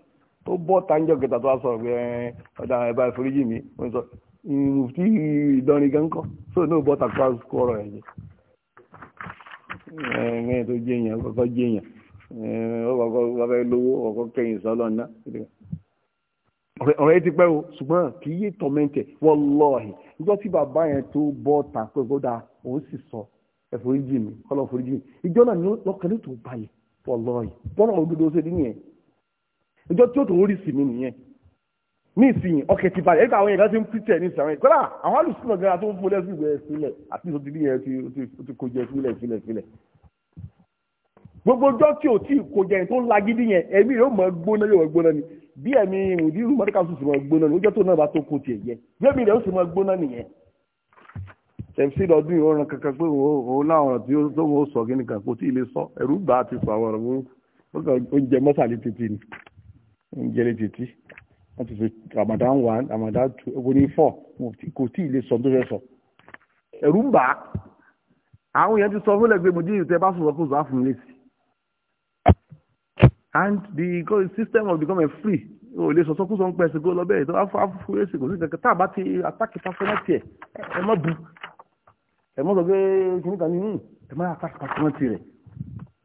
tó bọ́ tanjọ́ tó ọ̀dà ẹ̀bá ìforíjì mi wọ́n sọ ìdánrin so ẹ̀ jẹ́ ẹ̀ẹ́n tó jẹ́ èèyàn kọ́kọ́ jẹ́ èèyàn ọkọ̀ lówó ọkọ̀ kẹyìn ọ̀rẹ́ ti pẹ́ o ṣùgbọ́n kì í yé tọ́mẹ́ntẹ̀ wallahi ìjọ tí bàbá yẹn tó bọ́ ta pé òun sì sọ ẹ̀foríjì mi kọ́lọ́ foríjì mi ìjọ náà lọ́kàn ní tó báyìí wallahi ìjọ tí ó tún rí sí mi nìyẹn ní ìsìn ọkẹ ti balẹ̀ nípa àwọn èèyàn ti ń pítẹ̀ ní ìsìn àwọn èèyàn kọ́lá àwọn alùsùn náà gẹ́gẹ́ tó ń fún lẹ́sìn ìwé sílẹ̀ àti ìsòtì ní yẹn ó ti kó jẹ sílẹ̀ sílẹ̀ sílẹ̀. gbogbo ọjọ́ tí ò tí ì kó jẹ tó ń la gidi yẹn ẹ̀mí yóò mọ gbóná yóò gbóná ni bí ẹ̀mí ìrùdírù mọ́tíkà sì mọ gbóná ni ọjọ́ tó náà bá tó kó tiẹ̀ jẹ gbẹ́mí rẹ̀ ó sì mọ gbóná nìyẹn. tẹ̀sí lọ́dún yìí ọ̀ràn kankan pé òun láwọn ọ̀rọ̀ tí ó sọ ń jẹ́lé títí fi ramadan one ramadan two ewu ní four kò tí ì lè sọ tó fẹ́ sọ ẹ̀rù ń bà á àwọn èèyàn ti sọ fún lẹ́gbẹ̀ẹ́ mojú ìrìtẹ́ bá sọ̀rọ̀ kó zọ́ àfún lè sí and the system of becoming free o lè sọ̀tọ́ kó sọ ń pẹ́ ẹ̀sìn kó lọ bẹ́ẹ̀ tó àfún lè sí kò sí kankan tá a bá ti atákì fásitì ẹ̀ ẹ̀ mọ́ bu ẹ̀ mọ́ sọ pé kìnnìkan ní ẹ̀ má atákì fásitì rẹ̀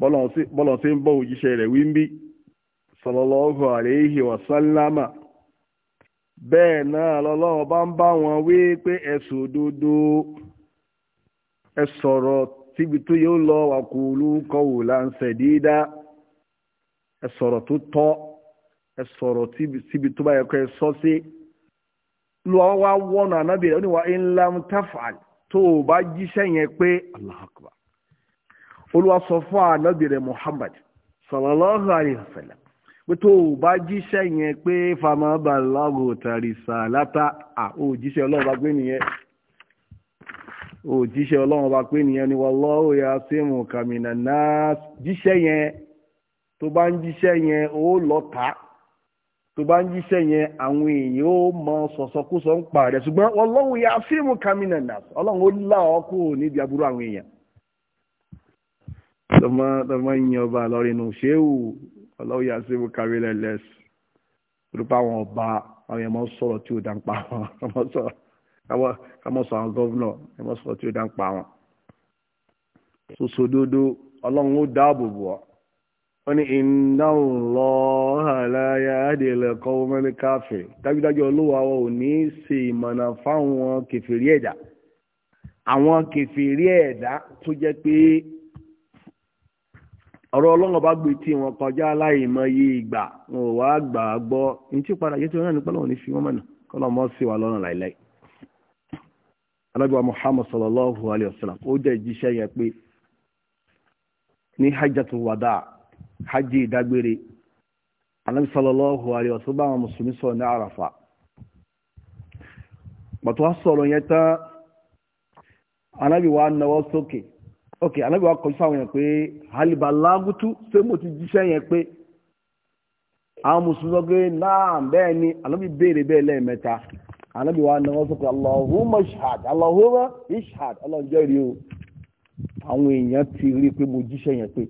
bọ́lọ̀ sí bọ́ òjíṣẹ́ rẹ̀ wí ń bí sallallahu bẹ́ẹ̀ náà lọ́lọ́wọ́ bá ń bá wọn wí pé ẹ̀sùn òdodo ẹ sọ̀rọ̀ tó yóò lọ wàkúlù kọ̀wù láǹṣẹ̀dídá tó tọ́ lu àwọn wá wọ́nà ó ní pé olúwa sọ fún muhammad sallallahu alayhi wa sallam pé o bá jíṣẹ́ yẹn pé fama balago tarisa lata à ó jíṣẹ́ ọlọ́run bá pé nìyẹn ó ni wallahu jíṣẹ́ yẹn tó bá ń jíṣẹ́ yẹn ó lọ tó bá ń jíṣẹ́ yẹn àwọn èèyàn ó mọ sọ̀sọ̀kúsọ̀ ń pa rẹ̀ ṣùgbọ́n wallahu yasimu kamina nas ọlọ́run ó là tọmọ yìn ọba lọ́rin nù ṣéwù ọlọ́wọ́yà sí wọ́n kárí lẹ́lẹ́s torípa àwọn ọba àwọn èèyàn máa ń sọ̀rọ̀ tí ò dá ń pa wọn [LAUGHS] kámọ́ sọ àwọn gọ́vnọ̀ ẹ máa sọ̀rọ̀ tí ò dá ń pa wọn. sòsòdodo ọlọ́run ó dáàbò bò ọ́ ó ní inna Allaha la yahdil qawmal kafir dájúdájú olówó àwọn ò ní í ṣe ìmọ̀nà fáwọn kẹfìrí ẹ̀dá àwọn kẹfìrí ẹ̀dá tó jẹ́ pé ọ̀rọ̀ ọlọ́run bá gbé tí wọn kọjá aláìmọye ìgbà wọn ò wá gbà á gbọ́ ní tí padà yé wọn náà nípa lọ́wọ́ ní fi wọ́n mọ̀nà kọ́lọ́ mọ́ sí wa lọ́rùn láìláì. alábíwá muhammad sallallahu alayhi wa sallam ó jẹ́ ìjíṣẹ́ yẹn pé ní hajjatu wada hajji ìdágbére alábi sallallahu alayhi wa sallam bá àwọn ok anábì wa kọjú fáwọn yẹn pé halibalagutu ṣé mo ti jíṣẹ́ yẹn pé àwọn mùsùlùmí sọ pé náà bẹ́ẹ̀ ni anábì béèrè bẹ́ẹ̀ lẹ́ẹ̀mẹ́ta anábì wa náà sọ pé allahumma ishad allahumma ishad ọlọ́run jẹ́rìí o àwọn èèyàn ti rí i pé mo jíṣẹ́ yẹn pé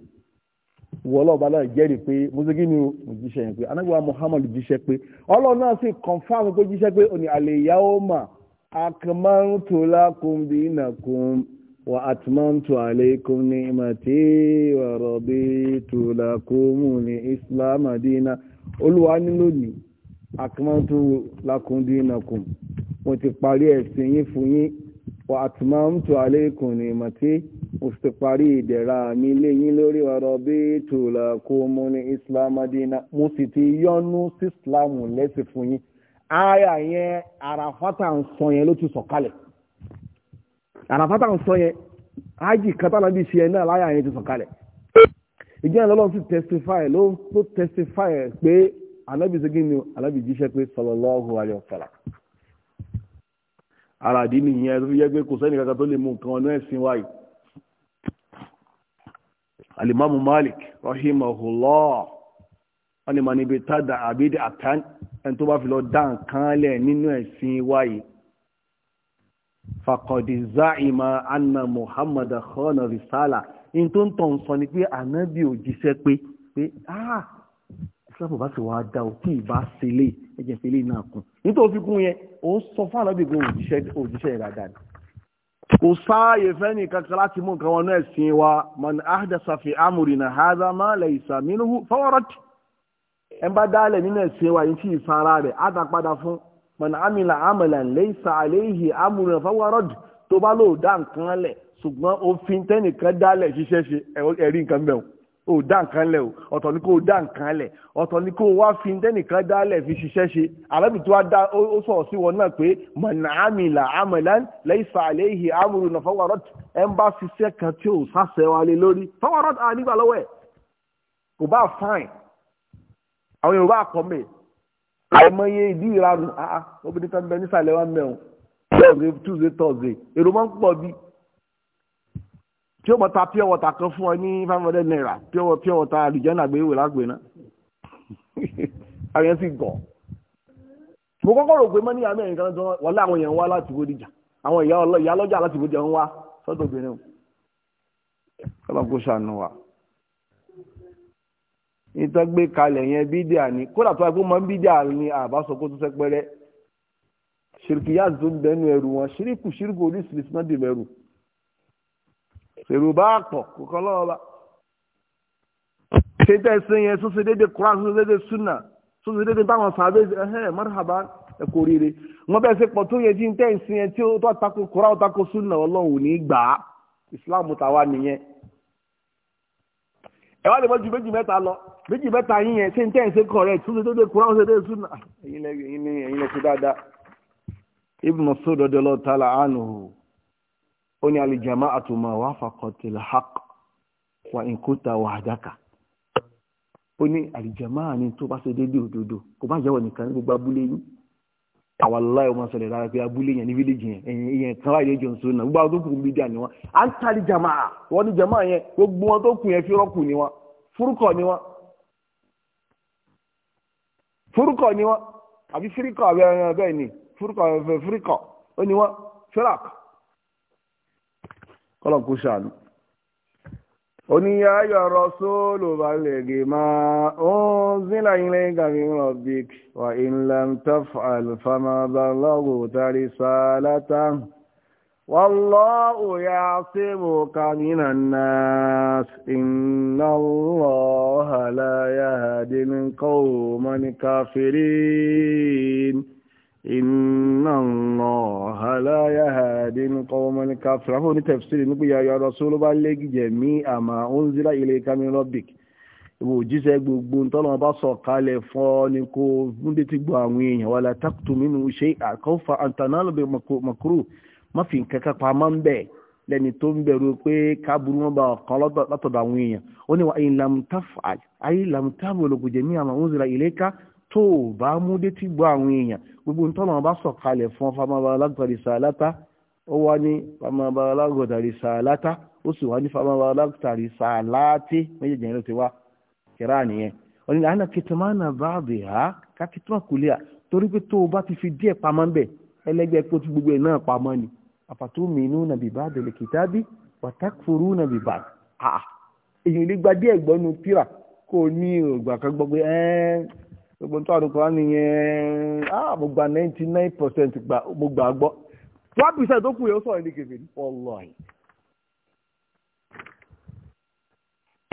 wọ́lọ́ ọba náà jẹ́rìí pé mùsùlùmí ni mo jíṣẹ́ yẹn pé anábì wa muhammad jíṣẹ́ pé ọlọ́run náà sì confam pé jíṣẹ́ pé òní àlè yawma akmaltu lakum dinakum. وأتممت عليكم نعمتي ورضيت لكم الإسلام دينا Olúwa ní lónìí akmantu lakum dinakum mo ti parí ẹ̀sìn yín fún yín wa atmamtu alaykum ni'mati mo ti parí ìdẹ̀ra mi lé yín lórí wa raditu lakum ní islam dina mo sì ti islam lẹ́sìn fún yín aya yẹn àràfátà ń sọ yẹn ló ti sọ̀kalẹ̀ àràfátà ń sọ yẹn ájì kátàlá bí ṣe ẹ náà láyà yẹn ti sọ̀kalẹ̀ ìjọ yẹn lọ́lọ́run sì testify ló tó testify pé anábì ṣe gíni anábì jíṣẹ́ pé sallallahu alaihi wasallam ara àdí nìyẹn tó fi yẹ pé kò sẹ́ni kankan tó lè mú nǹkan ọ̀nà ẹ̀sìn wáyé alimamu malik rahimahullah wọn ni mà níbi tádà àbídì àtàn ẹni tó bá fi lọ dá nǹkan lẹ̀ nínú ẹ̀sìn wáyé fàkọ̀dì záìmà anna muhammad khana risala in tó ń tọ̀ ń sọ ni pé ànábì ò jíṣẹ́ pé pé ah islamu bá sì wá dá o tí ìbá ṣe lé ẹ̀jẹ̀ fẹ́lẹ́ náà kún nítorí fi kún yẹn ó sọ fún ànábì pé òjíṣẹ́ rẹ̀ dáadáa ni kò sáàyè fẹ́ni kankan láti mú nǹkan wọn náà sin wa man ahdasa fi amrina hadha ma laysa minhu fawarat ẹ̀ ń bá dálẹ̀ nínú ẹ̀sìn wa yìí tí ì sara rẹ̀ á dá man amila amalan laysa alayhi amrun fahuwa radd tó bá lò dá nǹkan lẹ̀ ṣùgbọ́n òfin tẹ́nìkan dálẹ̀ ṣiṣẹ́ ṣe ẹ̀rí nǹkan bẹ̀ o dá nǹkan lẹ̀ o ọ̀tọ̀ ni kò dá nǹkan lẹ̀ ọ̀tọ̀ ni kò wá fi tẹ́nìkan dálẹ̀ fi ṣiṣẹ́ ṣe alábì tó dá ó sọ̀rọ̀ sí wọn náà pé man amila amalan laysa alayhi amrun fahuwa ẹ̀ ń bá ṣiṣẹ́ àìmọye ìdí ìranù àá ah, ah, obìnrin tó ń bẹ nísàlẹ̀ wa mẹ́wọ̀n tuesday tuesday thursday èrò máa ń pọ̀ bí tí ó mọ̀ ta pure water kan fún ọ ní five hundred naira pure pure water àlùjẹ́nà gbé wò lágbè náà àwọn yẹn sì gọ̀ mo kọ́kọ́ rò pé mọ́ ní àmì ẹ̀yìn kan tó wọlé àwọn èèyàn wá láti Bódìjà àwọn ìyá ọlọ́jà láti Bódìjà ń wá sọ́dọ̀ obìnrin o kọ́lá ṣàánú wa ìtọ́gbé kalẹ̀ yẹn bídíà ni kódà tó ẹgbẹ́ mọ́ bídíà ni àbá sọ kó tó sẹ́ pẹ́rẹ́ ṣìrìkìyà tó ń bẹnu ẹrù wọn ṣìrìkù ṣìrìkù oríṣiríṣi náà dì mẹ́rù ṣèrù bá pọ̀ kò kọ́ lọ́wọ́ bá ṣe tẹ́sí yẹn sọ́sọ́ déédéé Kùránì sọ́sọ́ déédéé súnà sọ́sọ́ déédéé táwọn sàbẹ̀ ẹ̀hẹ́ mọ́tàbá ẹ̀kọ́ rere wọ́n bẹ́ẹ̀ ṣe pọ̀ tó yẹ tí ń tẹ́sí yẹn tí ó tó tako Kùránì tako súnà ọlọ́run ò ní gbà á ìsìláàmù tàwa nìyẹn ẹ wá lè mọ ju méjì mẹ́ta lọ méjì mẹ́ta yín yẹn ṣé n tẹ́yìn ṣe correct ṣúṣe dédé kúrọ́ ṣe dédé ṣúnà ẹ̀yin lẹ ẹ̀yin lẹ ẹ̀yin lẹ ṣe dáadáa. Ibn Mas'ud radiyallahu ta'ala anhu ó ní al-jama'atu ma wafaqatil haqq wa in kunta wahdaka ó ní al ni tó bá ṣe dédé òdodo kò bá jẹ́wọ́ nìkan ní gbogbo abúlé yín àwọn aláì wọn sọ̀rọ̀ rárá pé abúlé yẹn ní fílíjì yẹn ẹ̀yìn yẹn kan láì lẹ́jọ́ nsọ náà gbogbo àwọn tó kù ni wọn ní jama yẹn gbogbo wọn tó kù yẹn ni wọn ni àbí fíríkọ bẹ́ẹ̀ ni ni oníyà ayọ̀ rọ́sọ́ọ̀lù balẹ̀gì máa ń zílà ilẹ̀ gàmí rọ̀bìk wà ìlàm taf alfama balọ́gù tari sálátà wàlọ́ọ̀hù yà síbò kàmínà náà iná lọ́ọ̀hàlà yà إن الله ya ha القوم الكافرين هو تفسير نقول ya رسول بلغ جميع ما أنزل إليك من ربك òjíṣẹ́ gbogbo ntọ́nà bá sọ kalẹ̀ fún ni kò múndé ti gbọ́ àwọn èèyàn wà látàkùtù nínú iṣẹ́ àkọ́fà àǹtànálùbẹ̀ mọ̀kúrò má fi nǹkan kan ń tó ń pé káàbùrú wọn bá tó o bá mú dé tí gbọ́ àwọn èèyàn gbogbo nítorí wọn bá sọ̀kalẹ̀ fún famaba alágbàdì sàlátà ó wá ní famaba sàlátà ó sì wá ní famaba sàlátì méjèèjì yẹn ló ti wá wọn ni àná kìtìmánà bá bè á ká kìtìmá kùlẹ̀ à torí pé tó o bá ti fi díẹ̀ pamọ́ bẹ̀ ẹlẹ́gbẹ́ pé tí gbogbo ẹ̀ náà pamọ́ ni àfàtó mìínú nàbì bá délé kìtàbí wàtàkùrú nàbì bá a èyàn lè gba díẹ̀ gbọ́nu tíra kò ní ògbà kan gbọ́ pé ẹ́ẹ́ gbogbo tó àdùkọ́ á nìyẹn ah mo gba ninety nine percent gba mo gbà gbọ́ one percent tó kù yẹn ó sọ̀rọ̀ ní kèfè ní ọlọ́ọ̀yì.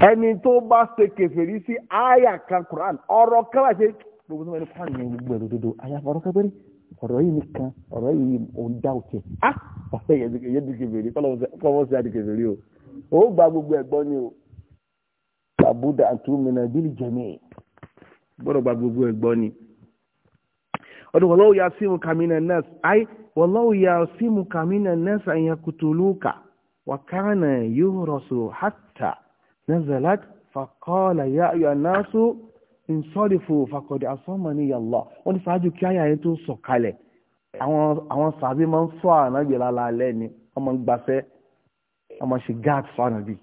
ẹni tó bá ṣe kèfè sí àyà kan Quran ọ̀rọ̀ kan láti gbogbo tó bá ní Quran yẹn gbogbo ẹ̀rọ dodo àyà ọ̀rọ̀ kan péré ọ̀rọ̀ yìí nìkan ọ̀rọ̀ yìí ò dá òkè ah ọ̀rọ̀ yẹn di kèfè rí kọ́lọ́wọ́ sí àdìkèfè rí o ó gba gbogbo ẹ̀gbọ́n ni o àbúdà àtúmìnà bíi jẹ̀mí gbọ́dọ̀ gba gbogbo ẹ̀ gbọ́ ni. ọdún wallahu ya'simuka minan nas ay wallahu ya'simuka minan nas an yaqtuluka wa kana yuhrasu hatta nazalat faqala ya ayyuhan nasu insarifu faqad asamaniya Allah wọ́n ti ṣáájú kí àyà yẹn tó sọ̀kalẹ̀ àwọn sàbí máa ń fọ́ ànágbèlá lálẹ́ ni wọ́n máa ń gbafẹ́ wọ́n máa ń ṣe gáàt fún ànábì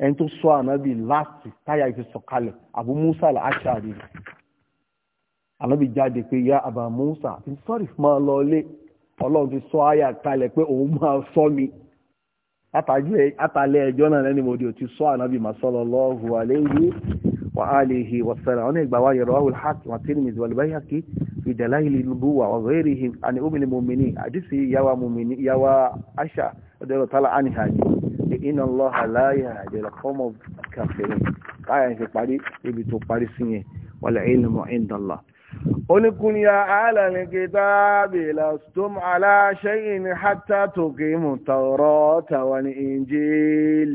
ẹni tó sọ ànábì láti táyà ìfi sọ̀kalẹ̀ àbú musa al-ashari ànábì jáde pé ya àbá musa ti sọ́rí máa lọ ilé ọlọ́run ti sọ àyà kalẹ̀ pé òun máa sọ mi látàlẹ́ ẹjọ́ náà lẹ́ni mo di ò ti sọ ànábì mà sallallahu alayhi wa alihi wa sallam àwọn ìgbà wa yẹ̀rọ wàhùn hàkì wọn tí nìyí wàlúbá yà kí fi dalail nubuwa wa ghairihi àni ummil mu'minin àdìsí yàwá mu'minin yàwá àṣà ọdọ̀ tálà àníhàjì iná lọ àláyà àjẹ̀lẹ̀ fọ́mọ̀ kàfẹ́rẹ́ káyà ń fi parí ibi tó parí sí yẹn wàlẹ̀ ilmu indala oníkun ya alàlẹ̀ kìtà bèèlà stom aláṣẹ ìní hátà tó kì í mú tàwọrọ tàwọn injil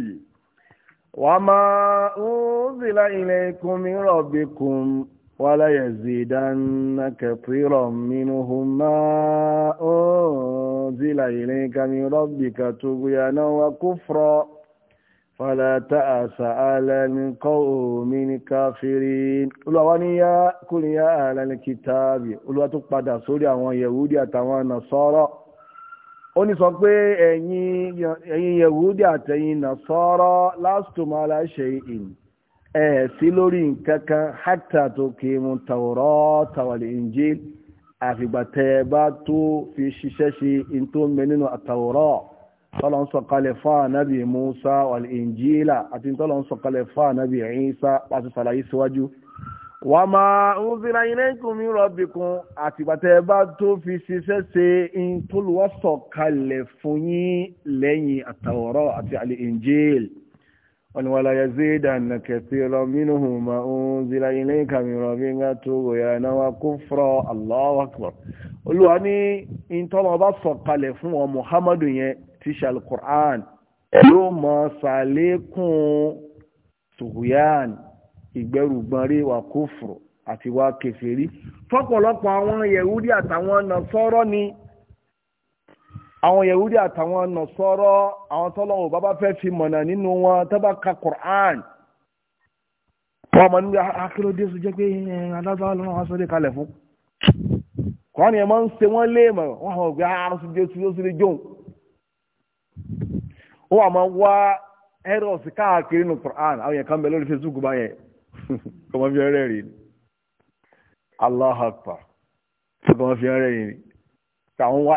wàmà ó zìlà ilẹ̀ ikùn mi rọ̀ bí kùn وليزيدن كثيرا منهم ما أنزل إليك من ربك طغيانا وكفرا فلا تأس على القوم الكافرين olùwàwání yá kúlì yá àlàlẹ̀ kìtàbì olùwà tó padà sórí àwọn yahudi àtàwọn nasọ́rọ̀ ó ní sọ pé ẹ̀yin yahudi àtẹ̀yin nasọ́rọ̀ lásìtòmọ́ aláṣẹ ìní ẹ̀ẹ̀sí lórí nǹkan kan hátà tó kí mu tàwọ̀rọ̀ tàwàlì injil àfìgbàtẹ̀ bá tó fi ṣiṣẹ́ ṣe in tó mẹ nínú àtàwọ̀rọ̀ tọ́lọ́n sọ̀kalẹ̀ fún ànábì musa wàlì injila àti tọ́lọ́n sọ̀kalẹ̀ fún ànábì isa pàṣẹ sàlàyé síwájú wà máa ń fi láyé lẹ́kùn mi rọ̀bìkún àtìgbàtẹ̀ bá tó fi ṣiṣẹ́ ṣe in tó lùwọ́ fún yín lẹ́yìn àtàwọ̀rọ̀ àti àlè injil wọ́n wà láyé zéèdà nà kẹsí rọmínú ma ń zira ilé ìkàmìrọ̀ bí ń tó wòyà náà wá kó fúrọ̀ Allahu Akbar olúwa ní ìtọ́mọ̀ bá sọ kalẹ̀ fún wọn muhammadu yẹn ti ṣàlù Qur'an ló mọ ni àwọn yahudi àtàwọn nọ̀sọ́rọ́ àwọn tọ́lọ́wọ́ bàbá fẹ́ fi nínú wọn ka Qur'an wọ́n mọ̀ nígbà akérò déṣu jẹ́ pé alábàá lọ́wọ́ wọn sọ́dẹ̀ kalẹ̀ fún kọ́ni ẹ̀ máa ń arásù yóò wà máa wá káàkiri Qur'an àwọn yẹn kan bẹ lórí Facebook bá yẹn kọ́mọ fi ẹrẹ́ rí ni Allah akbar fi rí ni tàwọn wá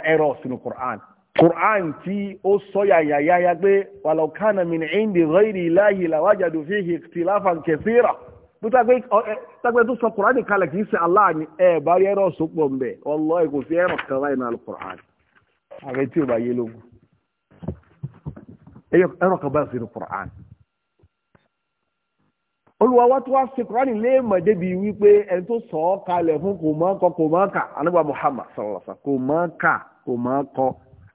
Quran tí ó sọ yàyàyàyà pé walau kana min indi ghairi Allahi lawajadu fihi ikhtilafan kathira tágbẹ́ tó sọ Quran kalẹ̀ kì í ṣe Allah ni ẹ bá rí ẹ̀rọ sọ́pọ̀ ń bẹ̀ wallahi kò sí ẹ̀rọ kan láì náà Quran àbẹ tí ò bá yé lóko ẹ̀rọ kan bá sí ní Quran. Olúwa wa tó wá ṣe Quran lé mọ̀ débi wípé ẹni tó sọ ọ́ kalẹ̀ fún kò mọ́ kọ kò mọ́ kà Ànábì Muhammad sallallahu alaihi wasallam kò mọ́ kà kò mọ́ kọ́.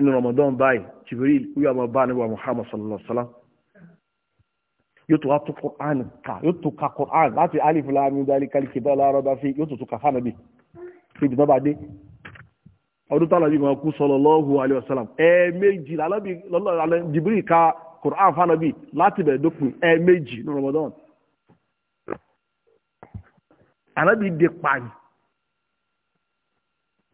inú Ramadan báyìí Jibril wíwá ọmọ bá níwá Muhammad sallallahu alaihi wasallam yóò tó wá tó Qur'an ká yóò tó ka Qur'an láti alif láàmì dalí kálíkì bá láàárọ̀ bá fi yóò tó tó ka fáànà bí fi dùn bá dé ọdún tó alábi máa kú sallallahu alaihi wasallam ẹ̀ẹ̀mejì alábi lọ́lọ́ Jibril ka Qur'an fáànà bí láti bẹ̀rẹ̀ dópin ẹ̀ẹ̀mejì ní Ramadan alábi dé pààyàn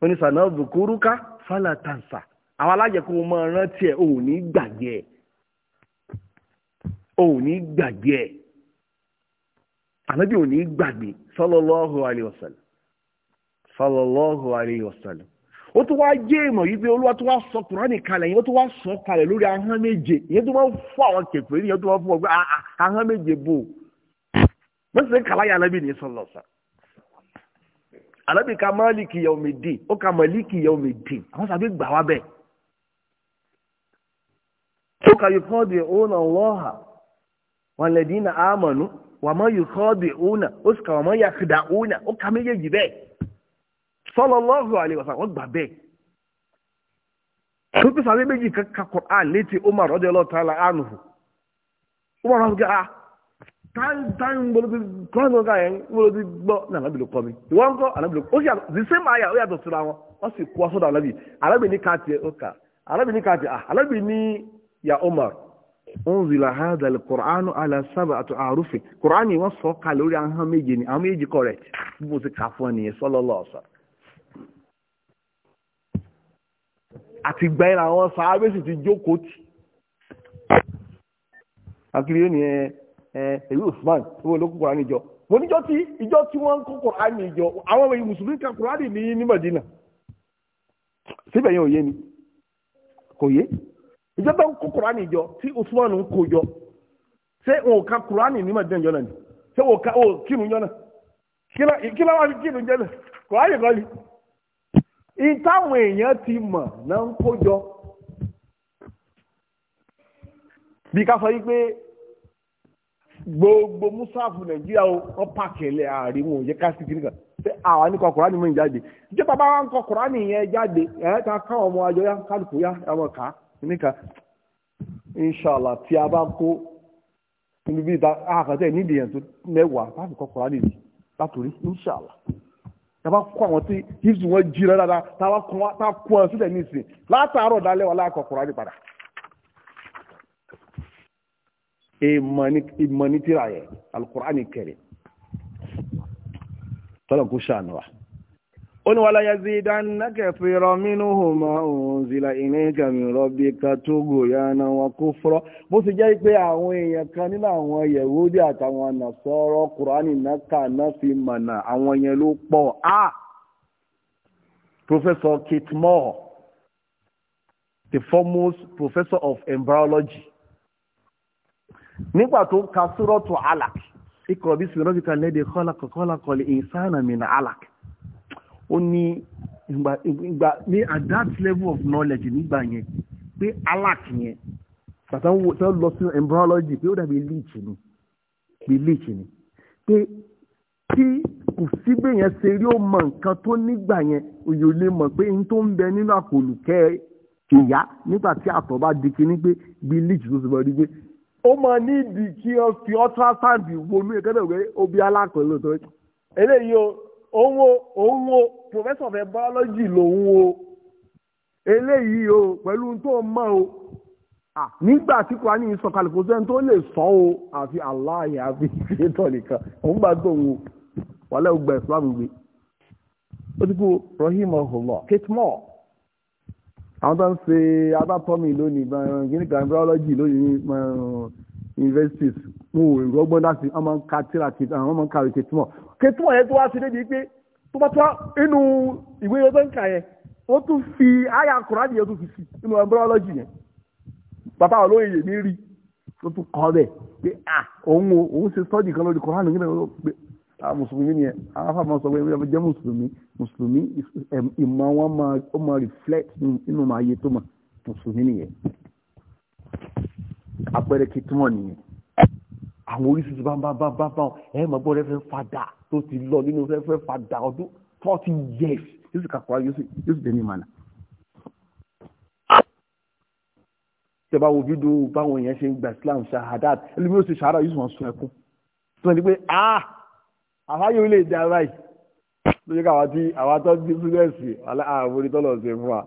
onísànà bùkúrúká fálà tàǹsà àwọn alájẹkù mọ rántí ẹ ò ní gbàgbé ẹ ò ní gbàgbé ẹ ànábì ò ní gbàgbé sallallahu alaihi wasallam sallallahu ó tún wá jẹ́ ìmọ̀ yìí pé olúwa tún wá sọ kùránì kalẹ̀ yẹn ó tún wá sọ kalẹ̀ lórí ahọ́n méje ìyẹn tó máa ń fọ àwọn kẹfẹ́ yẹn tó máa ń fọ ọgbẹ́ ah, ah, ahọ́n méje bò alábì ní alábì ka máàlìkì yawmiddin ó ka àwọn sàbí gbà suka yukhadi'una Allah walladina amanu wa ma yukhadi'una uska wa ma yakhda'una ó ka méjèèjì bẹ́ẹ̀ sallallahu alaihi wasallam wọ́n gbà bẹ́ẹ̀ tó pèsè àwọn méjì ka Qur'an létí Umar radiyallahu ta'ala anhu Umar ta'ala ah, tan tan gbolobi kwan kan kan ya the same aya ya umar unzila hadha alqur'anu ala sab'ati arufi qur'ani wọ́n sọ kalẹ̀ lórí ni àwọn méje correct ti kà fún ẹnìyẹn sallallahu alaihi wasallam àti ti jókòó tì akiri yóò ẹ ẹ usman owó ló qur'ani jọ mo níjọ́ tí ìjọ́ tí wọ́n ń kó qur'ani jọ àwọn èyí mùsùlùmí ka qur'ani madina síbẹ̀ oye ni ìjọba ń kó kùránì jọ tí usman ń kó jọ ṣé wọn ka kùránì ní madina jọ náà ni ṣé wọn ò ka ò kírun jọ náà wà ní jọ náà kọ́ ni. ìtàwọn èèyàn ti mọ̀ náà ń kó jọ. bí ká sọ yí pé gbogbo musafu nàìjíríà wọn pàkẹlẹ ààrẹ wọn ò yẹ ká sí kiri kan ṣé níka inṣàlá tí a bá kó níbi bíi ta àkàtẹ́ nídìí yẹn tó mẹ́wàá láti kọ́kọ́ láti rí látòrí inṣàlá tá a bá kó àwọn tí yíṣu wọn jí rẹ dáadáa tá a bá kó wọn sílẹ̀ ní ìsìn látàárọ̀ dalẹ́ wọn láàkọ̀kọ̀ láti padà ìmọ̀ ní tíra yẹn alukur'ani kẹrẹ tọ́lọ̀ kó ṣàánú wa. onye wala ya zida nnake fere ominu homa ozila ineka mirobi ka togo ya na nwakufuro bụ si ja ikpe awon eyan kan ninu awon yahudi atawon nasoro kurani naka nafi mana awon eyan lo a professor kit moore the foremost professor of embryology nígbà tó ka surotu alak ikọ̀ bí sinrọ́ fi kan lẹ́dí kọ́lákọ̀ kọ́lákọ̀ lè insana mi na alak. ó ní ìgbà ní at that level of knowledge nígbà yẹn pé alak yẹn tàtàwọ̀ tó lọ sí embryology pé ó dàbí leech ni pé leech ni pé tí kò síbẹ̀ yẹn ṣe rí ó mọ nǹkan tó nígbà yẹn òye ò lè mọ̀ pé n tó ń bẹ nínú àkòlùkẹ́ ìyá nígbà tí àtọ̀ bá di kíní pé bí leech tó ti bọ̀ rí pé ó máa ní ìdí kí wọ́n fi ultrasound wọnú ìkẹ́tẹ̀ pé ó bí alákọ̀ọ́lọ́tọ̀ eléyìí o òun o òun o professor of biology lòun o eléyìí o pẹ̀lú tó mọ̀ o nígbà tí kò á ní ìsọ̀kalẹ̀ kò sẹ́ni tó lè sọ o àfi aláàyè àfi ìfẹ́tọ̀ nìkan òun gbà tó òun o wàlẹ́ ògbà ìsìlámù gbé ó ti kú rahimahullah kate moore àwọn tó ń ṣe anatomy lónìí gíní kan biology lónìí uh, universities wọn ò rọgbọ́n láti ọmọ ń tíra kìtì àwọn kẹtùmọ̀ yẹn tó wá sí débi pé tó bá tó inú ìwé yẹn tó ń kà yẹn ó tún fi àyà kùránì yẹn tún fi sí inú embryology yẹn bàbá olóyè mi rí ló tún kọ́ bẹ́ẹ̀ pé à ah, òun o òun ṣe sọ́ọ̀dì kan lórí kùránì nígbà tó pé àwọn ah, mùsùlùmí ni ẹ àwọn afáàmọ́ sọ pé ẹ jẹ́ mùsùlùmí mùsùlùmí ìmọ̀ wọn máa reflect nínú ayé tó mọ̀ mùsùlùmí nìyẹn àpẹẹrẹ kìtìmọ̀ nìyẹn àwọn oríṣiríṣi bámbámbámbá ẹ máa gbọ́ rẹ́fẹ́ fada tó ti lọ nínú rẹ́fẹ́ fada ọdún forty years yóò sì kàkọ́ yóò sì dẹ́ni ìmọ̀nà. tẹ bá wo fídíò báwọn èèyàn ṣe ń gba Islam shahadat ẹlẹ́mi ó sì ṣàárà yóò sì wọ́n sun ẹkún tó ní pé ah àfáyé orílẹ̀ èdè ara yìí ló yẹ káwa tí àwa tó ti fúnẹ́ẹ̀sì àwọn onítọ́lọ̀ ṣe fún wa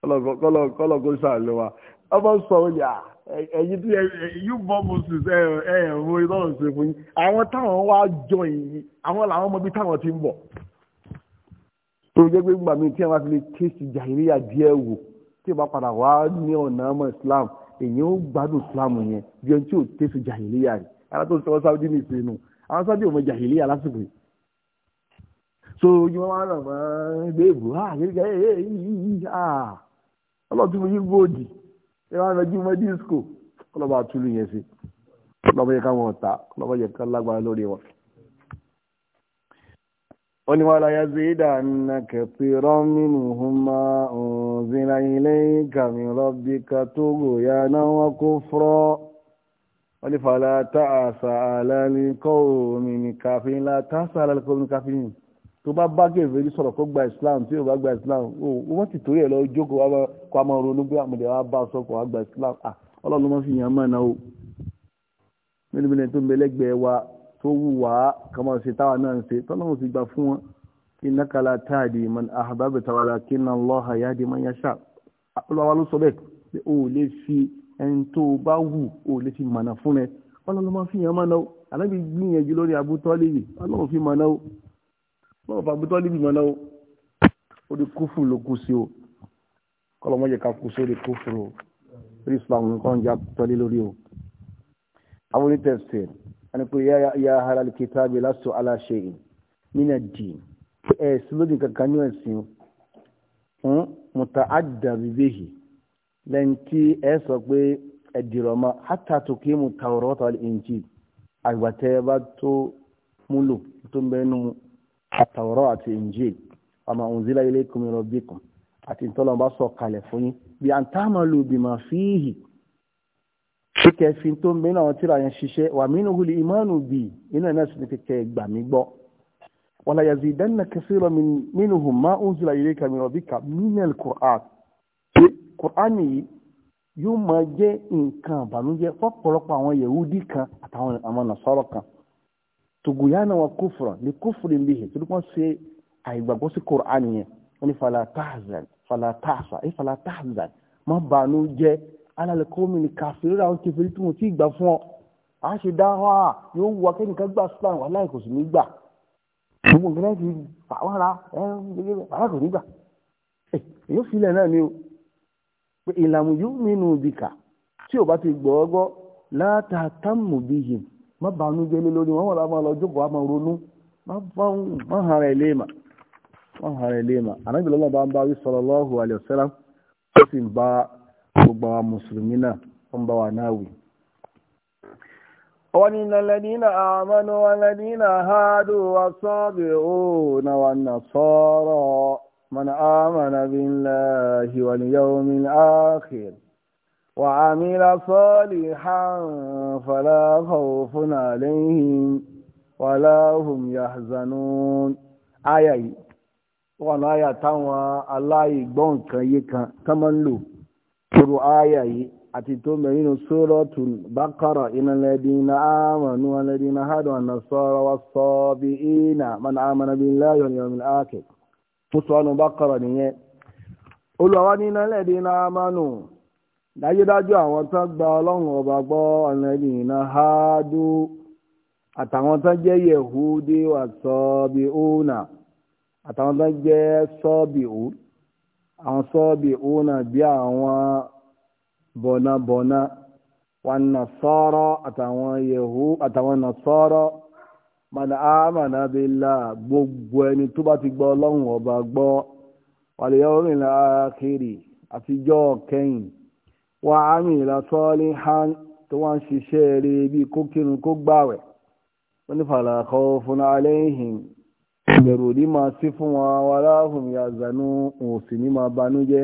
kọ́lọ̀ kọ́lọ̀ kó ṣàlùwà ọmọ sọ ọ́ ní à ah, ẹ̀yin tí yóò bọ́ moses ẹ ẹ wo ìlọrin ṣe fún yín àwọn táwọn wá jọ yìí àwọn làwọn ọmọ bíi táwọn ti ń bọ̀ tó jẹ́ pé gbàmí tí wọ́n fi lè tẹ́sí jàhìríyà díẹ̀ wò tí wọ́n padà wá ní ọ̀nà ọmọ islam èyí ó gbádùn islam yẹn bí ẹni tí ò tẹ́sí jàhìríyà rẹ̀ ara tó sọ sáwọ́dí ní ìsinú àwọn sáwọ́dí ò mọ jàhìríyà lásìkò yìí so ojú wọn wá ràn mọ́ ẹgbẹ́ ìbò ah ọlọ́dún mo yí bóòdì ẹ wá rẹjú mọ́ disco kọlọ́ba àtúlù yẹn sí kọlọ́ba yẹ káwọn ọ̀tá kọlọ́ba yẹ ká lágbára lórí wọn. ó ya ṣe ìdá nà kẹfìrọ́ nínú húnmá òǹzìnà ilé kàmírọ́ bí ká tó gòyà náà wọn kó fúrọ́ wọ́n ní fàlà tá àṣà àlàní kọ́ omi ní káfíń la tá àṣà àlàní kọ́ omi ní káfíń tó bá bá kẹfìrí sọ̀rọ̀ kó gba Islam tí yóò bá gba Islam ó wọ́n ti torí ẹ̀ lọ jókòó wá kó a máa ronú pé àmọ̀dé wa bá sọ kó a gba islam à ọlọ́run ló máa fi yàn án mọ̀nà o mélòó mélòó tó ń bẹlẹ́gbẹ̀ẹ́ wa tó wù wá kà máa ṣe táwa náà ń ṣe tọ́lọ́run sì gbà fún wọn kí nákàlà táàdì man ahbaba tawala kí náà lọ́ha yáàdì man yasha olùwàwà ló sọ bẹ́ẹ̀ o ò lè fi ẹni tó o bá wù o ò lè fi mọ̀nà fún rẹ ọlọ́run ló máa fi yàn án mọ̀nà o ànábì gbìyànjú lórí abútọ́lìbì ọlọ́run fi mọ̀nà o ọlọ́run fi abútọ́lìbì mọ̀nà o ó di kúfù kọlọmọjẹ ká kú sórí kófòrò lórí islam nǹkan jà tọ́lé lórí o. àwọn onítẹ̀sẹ̀ wọn pe ya ara kìtà bí lásù aláṣẹ yìí nínú ẹ̀dì ẹ̀ sí lóde kankan ní ẹ̀sìn fún mùtà àdà bíbéhì lẹ́yìn tí ẹ sọ pé ẹ̀dì rọ̀ ma hátà tó kí mu tàwọ̀rọ̀ wọ́tà àgbàtẹ́ bá tó múlò tó ń bẹ́ẹ̀ nu àtàwọ̀rọ̀ àti ìǹjì àmà unzila ilaykum min rabbikum àti ìtọ́lọ́mbà sọ kalẹ̀ fún yín bí àǹtàmọ́lù bìmọ̀ fíìhì kíkẹ́ fi tó ń bẹ náà tíra yẹn ṣiṣẹ́ wà mínú huli ìmánu bì iná náà sì ní kíkẹ́ gbà mí gbọ́ wala yazidanna kaseeran minhum ma unzila ilayka min rabbika minal Qur'an pé Qur'an yìí yóò máa jẹ́ nǹkan àbànújẹ́ fọ́pọ̀lọpọ̀ àwọn Yahudi kan àtàwọn àwọn Nasara kan tuguyana wa kufra li kufrin bihi tó dúpọ̀ ṣe àìgbàgbọ́ sí yẹn wọ́n ní fala tahzan falatasa ẹ falatasa má bàánú jẹ́ alálẹ́kọ́mi ni kàfíìrì ra àwọn kẹfìrí tí wọ́n ti gbà fún ọ a ṣe dá wa yóò wá kẹ́nìkan gbà sílá wà láì kò sì ní gbà gbogbo nǹkan náà ti fà wá ra ẹ wà láì kò ní gbà ẹ yóò filẹ̀ náà ni o pé ìlànà yóò mìínú bìkà tí o bá ti gbọ́ ọ gbọ́ látàtàmù bìyì má bàánú jẹ́ lé lórí wọn wọn làwọn lọ jókòó àmọ́ ronú má bá má hàn rẹ̀ léèmà wọ́n hàn án léèmà ànábì lọ́lọ́ bá ń bá wí sallallahu alaihi wasallam ó sì ń bá gbogbo àwọn mùsùlùmí náà ó ń bá wa náà wí. ومن الذين آمنوا والذين هادوا والصابئون والنصارى من آمن بالله واليوم الآخر وعمل صالحا فلا خوف عليهم ولا هم يحزنون آية wà láyà táwọn aláìgbọ́n nǹkan yé kan tán máa ń lò tóró ááyà yìí àti tó mẹ́rin sórọ́tù bákàrà ìnàlẹ́dínà àmànú alẹ́dínà hádùn àná sọ́rọ́ wá sọ bí ìnà mọ́nà àmànà bí láyọ̀ yọ̀mìn áàkì tó sọ ọ́nà bákàrà nìyẹn olùwàwá nínú alẹ́dínà àmànú dájúdájú àwọn tán gba ọlọ́run ọba gbọ́ alẹ́dínà hádùn àtàwọn tán jẹ́ yẹ̀húdí wà sọ bí ìnà àtàwọn tó ń jẹ́ sọ́ọ̀bì ò àwọn sọ́ọ̀bì ò náà bí àwọn bọ̀nàbọ̀nà wọn nasọ́rọ̀ àtàwọn yẹ̀hó àtàwọn nasọ́rọ̀ mọ̀nà àmàna bílà gbogbo ẹni tó bá ti gbọ́ ọlọ́run ọba gbọ́ wàlẹ́yà orin láàkiri àtijọ́ kẹ́yìn wà á rìn ìlàsọ́ọ́lì hàn tó wá ń ṣiṣẹ́ rí bí kó kó gbàwẹ̀ wọ́n ní fàlàkọ́ fún aléhìn ìbẹ̀rù òní máa sí fún wọn aláhùn yazanu òun sì ní máa banújẹ́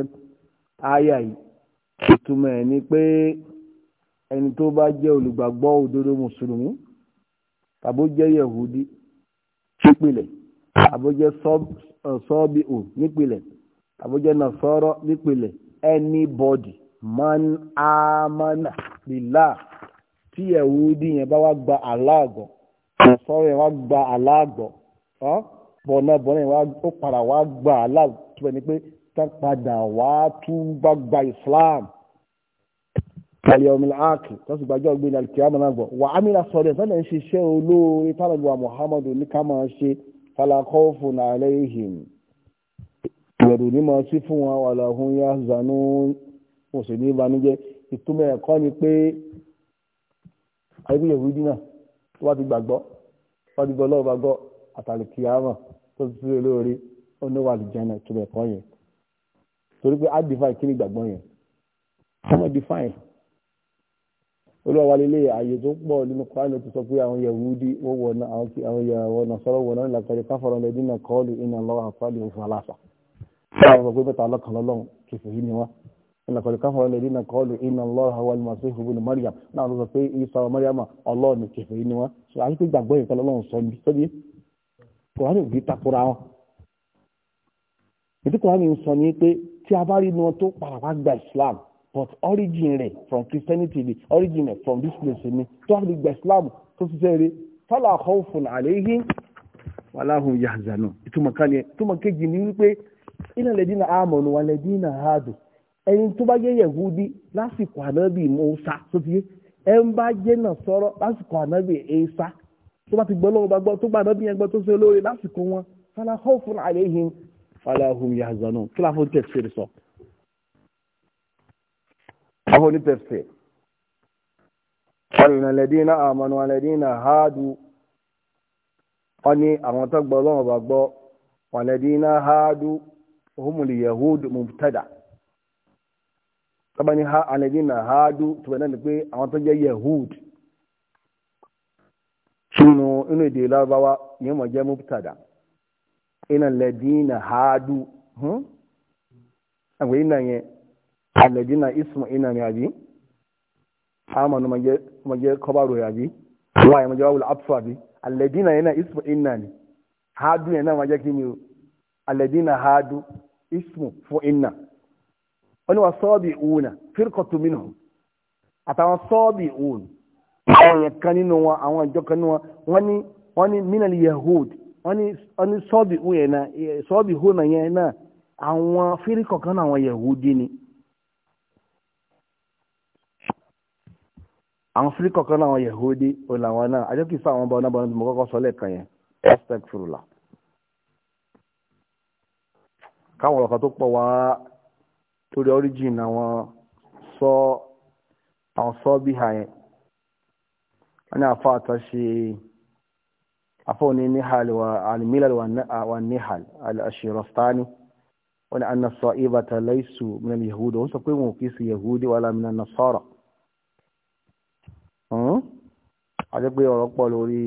áyà yìí ìtumọ̀ ẹ̀ ni pé ẹni tó bá jẹ́ olùgbàgbọ́ òdodo mùsùlùmí tàbó jẹ́ yẹ̀húdí nípìlẹ̀ tàbó jẹ́ sọ́ọ̀bì ò nípìlẹ̀ tàbó jẹ́ nàṣọ́rọ́ nípìlẹ̀ anybody man amana billah tí yẹ̀húdí yẹn bá wá gba aláàgọ̀ nàṣọ́rọ́ yẹn wá gba aláàgọ̀ bọ̀nà bọ̀nà ìwà ó padà wá gbà á láàtúwẹ̀ ni pé tán padà wá tún gbàgbà Islam kàlẹ́ ọmọ ààkì tó sì gbàjọ́ gbé ní alikiyama náà gbọ́ wà á mìíràn sọ̀rọ̀ ẹ̀ sọ́dọ̀ ń ṣiṣẹ́ olóore tálàgbà Muhammadu ní ká máa ṣe falakọ́fù nàálẹ́ ìhìn ìbẹ̀rù ní máa sí fún wọn wàlà ọ̀hún yá zanú kò sì ní ìbànújẹ́ ìtumọ̀ ẹ̀kọ́ ni pé ayébíyẹ̀wò ìdínà tó bá ti gbàgbọ́ wọ́n ti gbọ́ lọ́wọ́ gbàgbọ́ àtàlùkìyàmà tó ti sílẹ̀ lóore ó ní wàá lùjánà tó bẹ̀ kọ́ yẹn torí pé á define kí ni ìgbàgbọ́ yẹn ọmọ define olúwa wa lélẹ̀ àyè tó pọ̀ nínú kwan ti sọ pé àwọn yahudi wọ́n wọ̀ náà àwọn yahoo nasọ́rọ̀ wọ̀ náà làkàrí káfọ̀rọ̀ lẹ́dí náà kọ́ọ̀lù iná lọ́wọ́ àfáàlì òfin aláṣà báwo sọ káfọ̀rọ̀ lẹ́dí náà kọ́ọ̀lù iná lọ́wọ́ àwọn mariam náà ló sọ pé isa mariam ọlọ́run kìfì yìí ni wá kùránì ò gbé takora wọn ètò nsọ n'ikpe sọ ní pé tí a bá rí inú wọn tó padà gba islam but origin rẹ̀ from christianity ni origin rẹ̀ from this place ni tó wá fi gba islam tó ti sẹ́yìn fala khawfun alayhim wala hum yahzanun ìtumọ̀ kan ni ìtumọ̀ kejì ni wípé iná lẹ́dínà amanu wà ẹni tó bá lásìkò tó ti yé ń tó bá ti gbọ́ lọ́wọ́ bá gbọ́ tó gbàdọ́ bí yẹn gbọ́ tó ṣe olóore lásìkò wọn fala khawfun alayhim fala hum yahzanun kí láfọ́ tẹ̀síìrì sọ. àwọn onítẹ̀síìrì ọ̀nà lẹ́dínà àmọ́nà lẹ́dínà háàdù wọ́n ní àwọn tó gbọ́ lọ́wọ́ bá gbọ́ wàlẹ́dínà háàdù humuli yahudu mubtada tọ́ba ní alẹ́dínà háàdù tó bẹ̀ náà ni pé àwọn tó jẹ́ yahudu sínú inú èdè lárúbáwá yẹn mọ̀ jẹ́ mubtada iná lẹ́dínà háádú àwọn iná yẹn alẹ́dínà ismu iná ni àbí amanu mọ̀ jẹ́ kọ́bárò àbí wáyé mọ̀ jẹ́ wàhùn àpsọ àbí alẹ́dínà yẹn náà ismu iná ni háádú yẹn náà mọ̀ jẹ́ kí o alẹ́dínà háádú ismu fún iná wọ́n ni wà sọ́ọ̀bì òun náà fírkọ̀tù minhum àtàwọn àwọn èèyàn kan nínú wọn àwọn ìjọ kan nínú wọn wọ́n ní wọ́n ní minal yahud wọ́n ní wọ́n ní sọ́ọ̀bì na yẹn náà sọ́ọ̀bì yẹn náà àwọn kan náà àwọn yahudi ni àwọn fíríkọ̀ kan náà àwọn yahudi ò làwọn náà fún àwọn ọba kọ́kọ́ sọ lẹ́ẹ̀kan yẹn káwọn ọ̀kan wọ́n ní àfa àtọ́ ṣe àfa òní nihal wa alimilal wa nihal al-ashirastani wọ́n ní anna sa'ibata laysu minal yahudi wọ́n sọ pé wọn kì í sí yahudi wala minan nasara àti pé ọ̀rọ̀ pọ̀ lórí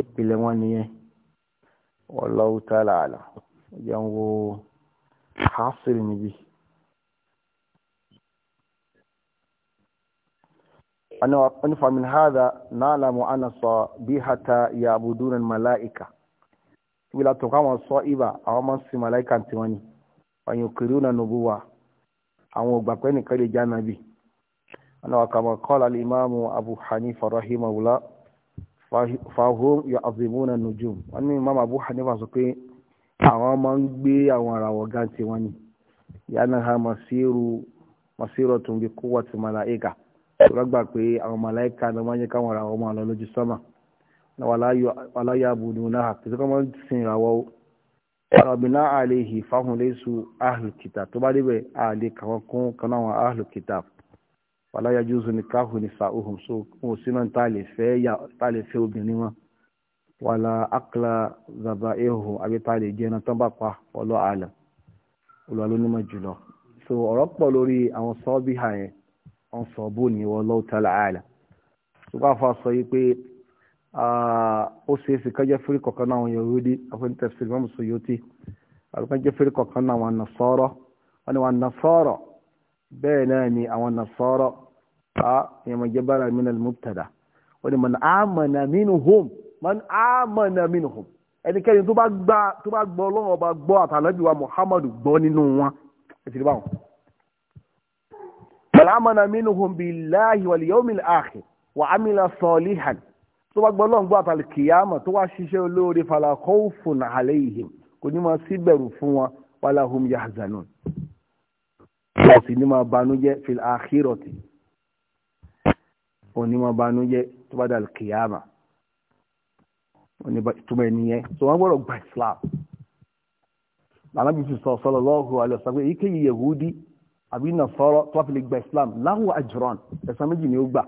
ìpìlẹ̀ wọn nìyẹn wallahu ta'ala jẹun wo hasil níbi. أنا فمن هذا نعلم أن الصبيحة يعبدون الملائكة ولا تقام الصائبة أو من سي ملائكة تماني وأن يقرون النبوة أو بقين كل جانبي أنا كما قال الإمام أبو حنيفة رحمه الله فهم يعظمون النجوم أن الإمام أبو حنيفة سقي أو من بي أو راوغان تماني لأنها مسير مسيرة بقوة ملائكة rọ́gbà pé na màláìka ni wọ́n yẹ káwọn ra ọmọ àlọ́ lójú sọ́mà aláyàbùdù náà kìí sọ́kọ́ máa ń sin ìràwọ̀ ọ̀bìnà àlehi fáhùnlẹ́sù ahlùkìtà tó bá débẹ̀ àlè kàwọn kún wala àwọn ahlùkìtà aláyàjúzù ní káhùn ní sàóhùn so wọn ò sí náà tá a lè fẹ́ obìnrin wọn wàlà àkàlà zàbà ehò àbí tá a lè jẹ́ náà tán bá pa ọlọ́ àlà olùwàlónímọ̀ jùlọ so ọ̀rọ̀ pọ̀ lórí àwọn sọ́ọ́bì hà yẹn wọ́n sọ bó ni wallahu ta'ala a'lam ṣùgbọ́n àfa sọ yìí pé ó ṣe é ṣe kájẹ́ fúri kọ̀ọ̀kan náà àwọn Yahudi àfẹ́ni tafsir Imam Suyuti àlùkájẹ́ fúri kọ̀ọ̀kan náà àwọn Nasara wọ́n ni wọ́n Nasara bẹ́ẹ̀ náà ni àwọn Nasara a ìyẹn jẹ́ bára min al-mubtada wọ́n ni man amana minhum man amana minhum billahi wal yawmil akhir wa amila salihan tó bá gbọ́ lọ́ngbọ́ àtàlùkìyàmọ̀ tó wá ṣiṣẹ́ olóore fala khawfun alayhim kò ní máa sí bẹ̀rù fún wọn wala hum yahzanun wọ́n sì ní máa banújẹ́ fil akhirati òní máa banújẹ́ tó bá dàlù kìyàmà túmọ̀ ẹniyẹn tó wọ́n gbọ́dọ̀ gba islam lànà bí sọ sallallahu alaihi wasallam yehudi àbí nàṣọ́rọ́ tó wá fi lè gba islam láwọ̀ àjùrán ẹ̀sán méjì ni ó gbà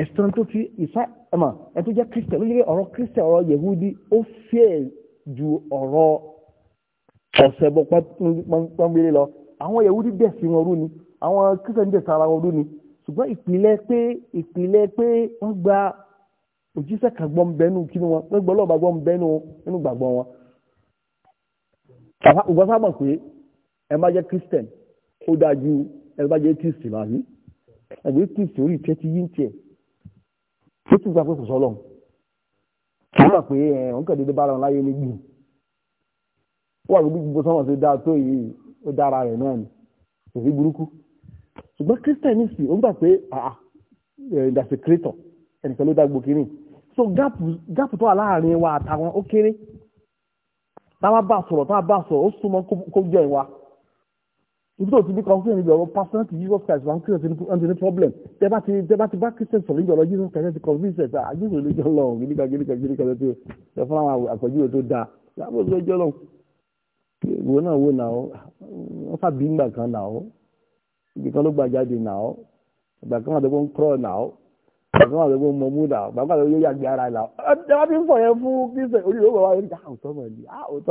ẹ̀sán tó fi ìsá ẹ̀mà ẹ̀ tó jẹ́ kírísítẹ̀ ló yẹ ọ̀rọ̀ kírísítẹ̀ ọ̀rọ̀ yehudi ó fẹ́ẹ̀ ju ọ̀rọ̀ ọ̀sẹ̀ bọ̀ pọ́nbílẹ̀ lọ àwọn yehudi bẹ̀ sí wọn rú ni àwọn kírísítẹ̀ bẹ̀ sára wọn rú ni ṣùgbọ́n ìpìlẹ̀ pé ìpìlẹ̀ pé wọ́n gba òjíṣẹ́ kan gbọ́n bẹ́nu kí wọn wọ́n gbọ́ lọ́ọ̀bà gbọ́n bẹ́nu nínú gbàgbọ́ wọn. ìgbà sábà pé ẹ má jẹ́ kírísítẹ̀ni ó dájú ẹni bá jẹ́ tíìsì láàyè ẹgbẹ́ tíìsì orí ìtẹ́ ti yí ń tiẹ̀ tó tún gbà pé kò sọ́lọ̀ kí wọ́n pè é ẹ̀ wọ́n kàn déédéé bára wọn láyé ní gbìn ó wà lóbi gbogbo sọ́wọ́n tó dáa tó yìí ó dára rẹ̀ náà ni kò sí burúkú ṣùgbọ́n kírísítẹ́nì sì ó gbà pé ìdàsí kírítọ̀ ẹnìkan ló dá gbogbo kínní so gáàpù tó wà láàrin wa àtàwọn ó kéré táwa bá sọ̀rọ̀ táwa bá sọ̀rọ̀ ó súnmọ́ kó jẹ́ ìwà ibi tó ti bí kọ́ńtì níbi ọ̀rọ̀ personal to Jesus Christ wà ń kí ọ̀sẹ̀ ní problem tẹ́ bá ti tẹ́ bá ti bá Christian sọ̀rọ̀ níbi ọ̀rọ̀ Jesus Christ ti convince ẹ̀ta àjẹsọ̀ ìlẹ́jọ́ lọ́wọ́ gíríkà gíríkà gíríkà tó ṣe fún àwọn àpèjúwe tó dáa yàgò ìlẹ́jọ́ lọ́wọ́ wo náà wo náà wọ́n fàbí ńgbà kan náà ibi kan ló gbà jáde náà ìgbà kan àdókò ń kúrọ̀ náà ìgbà kan àdókò ń mọ̀mú náà ìgbà kan àdókò yàgbé ara náà ẹ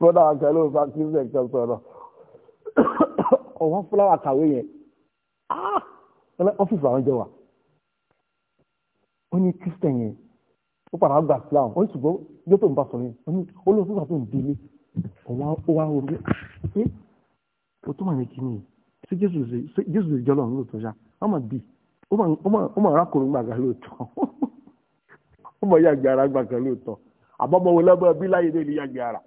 bọ́dà àkàrà ló fa kí sẹ̀kítọ̀ sọ̀rọ̀ ọ̀wọ́n fúláwà kàwé yẹn ah! ọ́fíìsì àwọn jẹ wà ó ní kristian yẹn ó padà gba islam ó ní ṣùgbọ́n yóò tó ń bá sọ yẹn ó ní olóòtú ìgbà tó ń délé ọ̀wọ́n ó wá orí ṣé o tó máa yẹ kí ni ṣé jésù jésù lè jọlọ ọ̀hún lóòótọ́ ṣá wọ́n máa bì ó máa rákòrò gbàgbà lóòótọ́ [LAUGHS] ó máa yàgbé ara gbàgbà lóòótọ́ àbọ̀mọ̀wò lọ́bọ̀ bí láyé dé ní yàgbé ara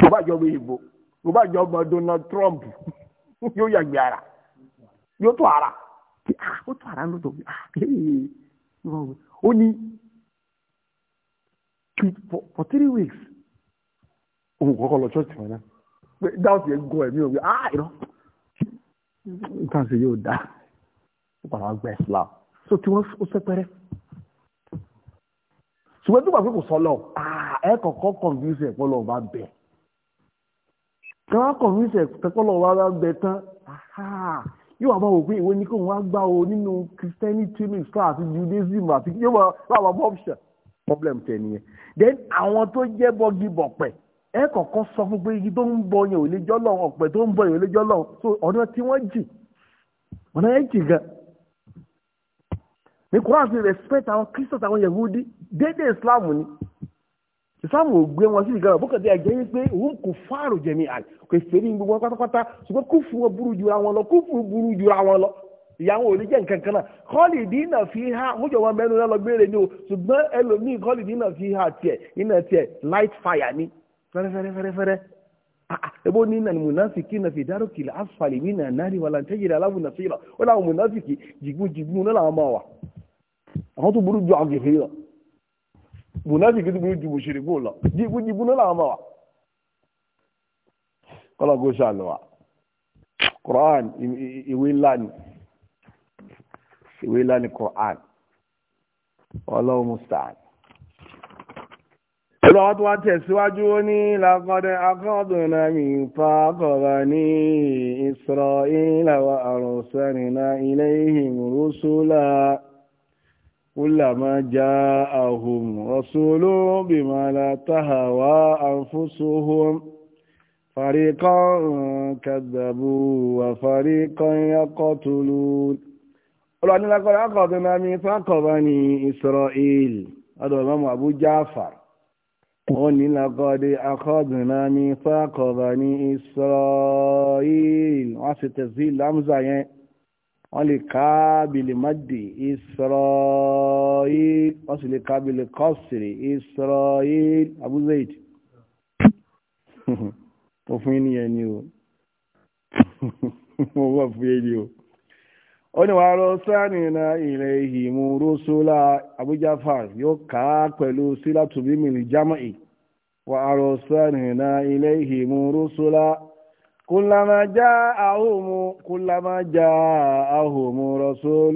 tó bá jọ bí ìbò tó bá jọ ọmọ Donald Trump yóò yàgbé ara yóò tó ara ah, ó tó ara ló tó ah, ó ní for three weeks òun kọ́kọ́ lọ church wọn náà pé dáhùn yẹn gan ẹ̀mí òun ah irọ́ nǹkan ṣe yóò dá ó padà wá gba Islam so tí wọ́n ó sẹ́pẹ́rẹ́ ṣùgbọ́n tó bá pé kò sọ lọ ah, ẹ̀ kọ̀ọ̀kan confuse ẹ̀ pọ́ lọ́wọ́ bá bẹ̀ẹ́ káwá kọ̀míṣẹ̀ tẹ́pọ́lọ̀ wa bá bẹ tán yóò wá bá wò pé ìwé ní kò wá gbá o nínú christianity ministry àti judaism àti yóò wá wà bọ́ ọ̀ṣẹ̀ problem tẹ̀ nìyẹn then àwọn tó jẹ́ bọ́gì bọ̀pẹ̀ ẹ kọ̀ọ̀kan sọ fún pé igi tó ń bọ yẹn ò lè jọ́ lọ́hùn ọ̀pẹ̀ tó ń bọ yẹn ò lè jọ́ lọ́hùn so ọ̀nà tí wọ́n jì ọ̀nà yẹn jì gan ní kúrò àti respect àwọn christians àwọn yahudi déédéé islam ni. sísáàmù ògbé wọn sí ìgbàlá bókà dé àjẹ́ wípé òun kò fáàrù jẹ̀mí àlè kò fèrè gbogbo wọn pátápátá ṣùgbọ́n kó fún wọn burú jura wọn lọ kó fún burú jura wọn lọ ìyàwó òní jẹ́ nǹkan kan náà fi ha mújọ wọn mẹ́nu náà lọ gbére ni o ṣùgbọ́n ẹlòmíì kọ́ọ̀lì dínà fi ha tie iná tie light fire ni ah, ah, ebo ni na munafiki na fi asfali na wala alabu na la ma wa àwọn tó burú mùnáfíkì tó burú ju mùṣírikù lọ jìbù jìbù náà làwọn máa wà kọ́lá kó ṣàánú wa quran ìwé ńlá ni ìwé quran ọlọ́run musta'an Olúwa tó wá tẹ̀síwájú ó ní làkọ́dẹ akọ́dùnà mi fàákọ̀rọ̀ ní Isra'ila wa arsalna ilayhim rusula. كلما جاءهم رسول بما لا تهوى أنفسهم فريقا كذبوا وفريقا يقتلون قلوا لقد أخذنا ميثاق بني إسرائيل هذا الإمام أبو جعفر قل لقد أخذنا ميثاق بني إسرائيل وعسى تسجيل لمزة يعني ọ lè káa bilimadi isoro i ọ si lè kabilikọsiri isoro i abuzo eti o fụni eniyo o n'ụwa ofu eniyo o ni waro sani na ile ihimuru sọla abujafans yọ ka pẹlu si latobi mili jamani waro sani na ile ihimuru sọla كلما جاءهم كلما جاءهم رسول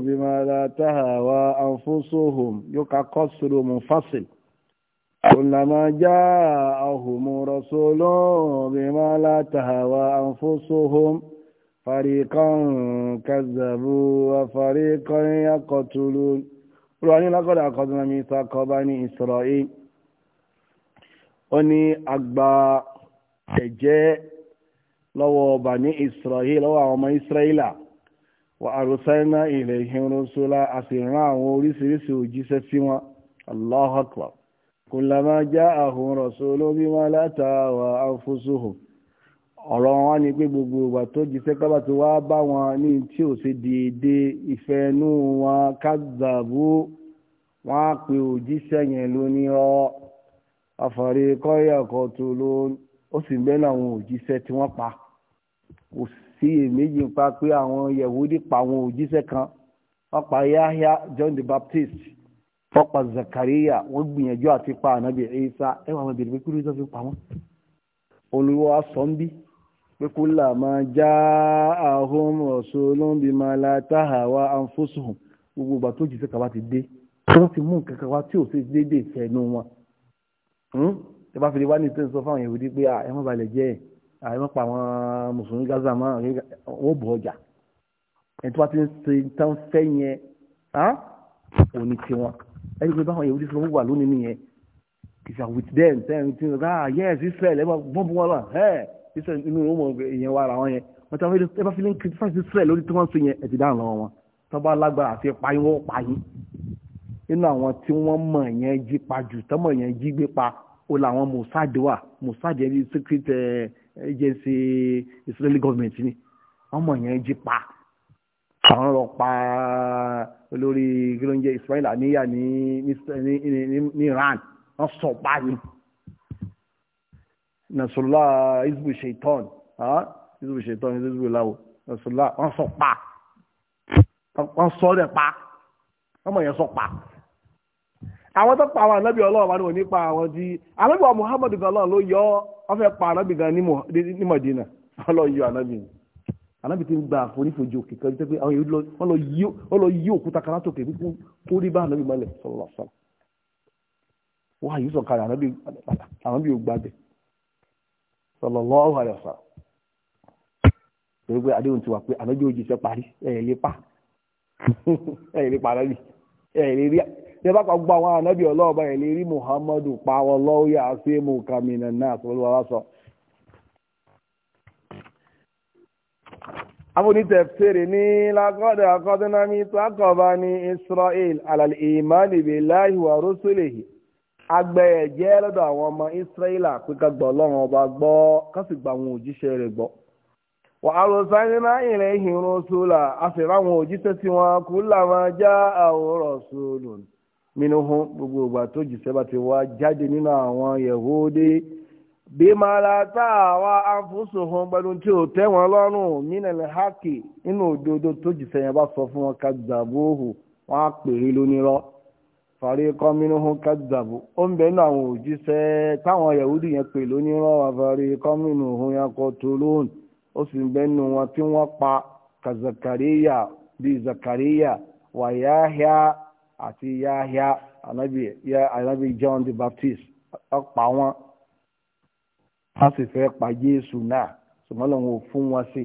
بما لا تهوى أنفسهم يقع قصر منفصل كلما جاءهم رسول بما لا تهوى أنفسهم فريقا كذبوا وفريقا يقتلون رأني لقد أخذنا ميثاق بني إسرائيل أني أكبر ẹ̀jẹ́ lọ́wọ́ Bani Israel lọ́wọ́ àwọn ọmọ Israẹla wa arsalna ilayhim rusula a sì rán àwọn oríṣiríṣi òjíṣẹ́ sí wọn Allahu akbar kullama la tawa anfusuhum ọ̀rọ̀ wọn ni pé gbogbo ìgbà tó jíṣẹ́ kábà tó wá bá wọn ní tí ò ṣe déédé ìfẹ́ inú wọn wọn pe òjíṣẹ́ yẹn lónìí ọ́ ó sì ń bẹ́ẹ̀ láwọn òjíṣẹ́ tí wọ́n pa kò sí èméjì pa pé àwọn yẹ̀wúdí pa àwọn òjíṣẹ́ kan wọ́n pa Yahya John the Baptist wọ́n pa Zakaria wọ́n gbìyànjú àti pa ànábì Isa ẹ wà wọn bèrè pé kí ló fi pa wọ́n olùwọ́ asọ́nbí pé kúlà máa já àhún rasulun bima la tahawa anfusuhum gbogbo ìgbà tó jìṣẹ́ kaba ti dé wọ́n ti mú nǹkan kan wá tí ò sí déédéé fẹ́nu wọn hmm? tó bá fi lè wá ní ìtẹ́ sọ fáwọn Yahudi pé ẹ má balẹ̀ jẹ́ ẹ má pa àwọn mùsùlùmí Gaza mọ́ wọn bọ̀ ọjà ẹni tó bá ti ń ṣe tán fẹ́ yẹn òní tiwọn ẹni pé báwọn Yahudi sọ wà lónìí nìyẹn is a with them ten ten ah yes Israel ẹ bá bọ́ǹbù wọn lọ ẹ Israel inú wọn èèyàn wa ara wọn yẹn wọn ti wọn ẹ bá fi lè criticize Israel lórí tí wọn sọ yẹn ẹ ti dáhùn lọ́wọ́ wọn tó bá lágbára àti payín wọn payín nínú àwọn tí wọn mọ yẹn jí pa Ola làwọn Mossad wà Mossad yẹn bí secret eh, agency Israeli government ni wọ́n mọ̀ yẹn jí pa àwọn lọ pa olórí gílóúnjẹ Ismail Aniya ní ní Iran wọ́n sọ pa ni Nasrullah isbu shaitan isbu shaitan isbu lawo Nasrullah wọ́n sọ pa wọ́n sọ rẹ̀ pa wọ́n mọ̀ yẹn sọ pa. àwọn tó pa àwọn ànábì ọlọ́run wa ni wọ́n nípa àwọn tí ànábì wa muhammadu gan lọ́run ló yọ ọ́ pa ànábì gan ní mọ̀dínà ọlọ́run yọ ànábì ni ànábì ti ń gba àforífojì òkè kan tó pé àwọn yòó wọ́n lọ yí òkúta kan látòkè kó rí bá ànábì mọ́lẹ̀ sọ̀rọ̀ sọ̀rọ̀ wọ́n àyè sọ̀ gbàgbẹ́ sọ̀rọ̀ lọ́wọ́ pé ti wà pé parí [LAUGHS] tẹ bá gbogbo àwọn ànábì ọlọ́ọ̀bá yẹn muhammadu pa ọlọ́wọ́ yà á sí náà sọ́lọ́ wa sọ. abuni tafsiri ni lakọ́dọ̀ ní israel alal imani billahi wa rusulihi agbẹ̀yẹ̀jẹ́ lọ́dọ̀ àwọn ọmọ gbọ́ ọlọ́run ọba gbọ́ gba àwọn òjíṣẹ́ rẹ̀ gbọ́ wà á ìrìn a sì òjíṣẹ́ tí wọ́n kú làwọn já àwọn minu hụ gbogbo ìgbà tó jìṣẹ́ bá ti wá jáde nínú àwọn yẹ̀hóde bí mara tá àwa àfúnṣe hun pẹ̀lú tí ò tẹ́ wọn lọ́rùn mínẹ̀lẹ̀ hákì nínú òdodo tó jìṣẹ́ yẹn bá sọ fún wọn kàdàbóhù wọn á pèrè lónírọ́ fàrí kan mínú hún kàdàbó ó ń bẹ nínú àwọn òjíṣẹ́ táwọn yẹ̀hóde yẹn pè lónírọ́ wà fàrí kan mínú hún yẹn kọ́ pa kà zakariya bíi zakariya àti Yahya anabi John the Baptist ọ̀pá wọn a sì fẹ́ pa Jésù náà ṣùgbọ́n lọ́wọ́ fún wọn sí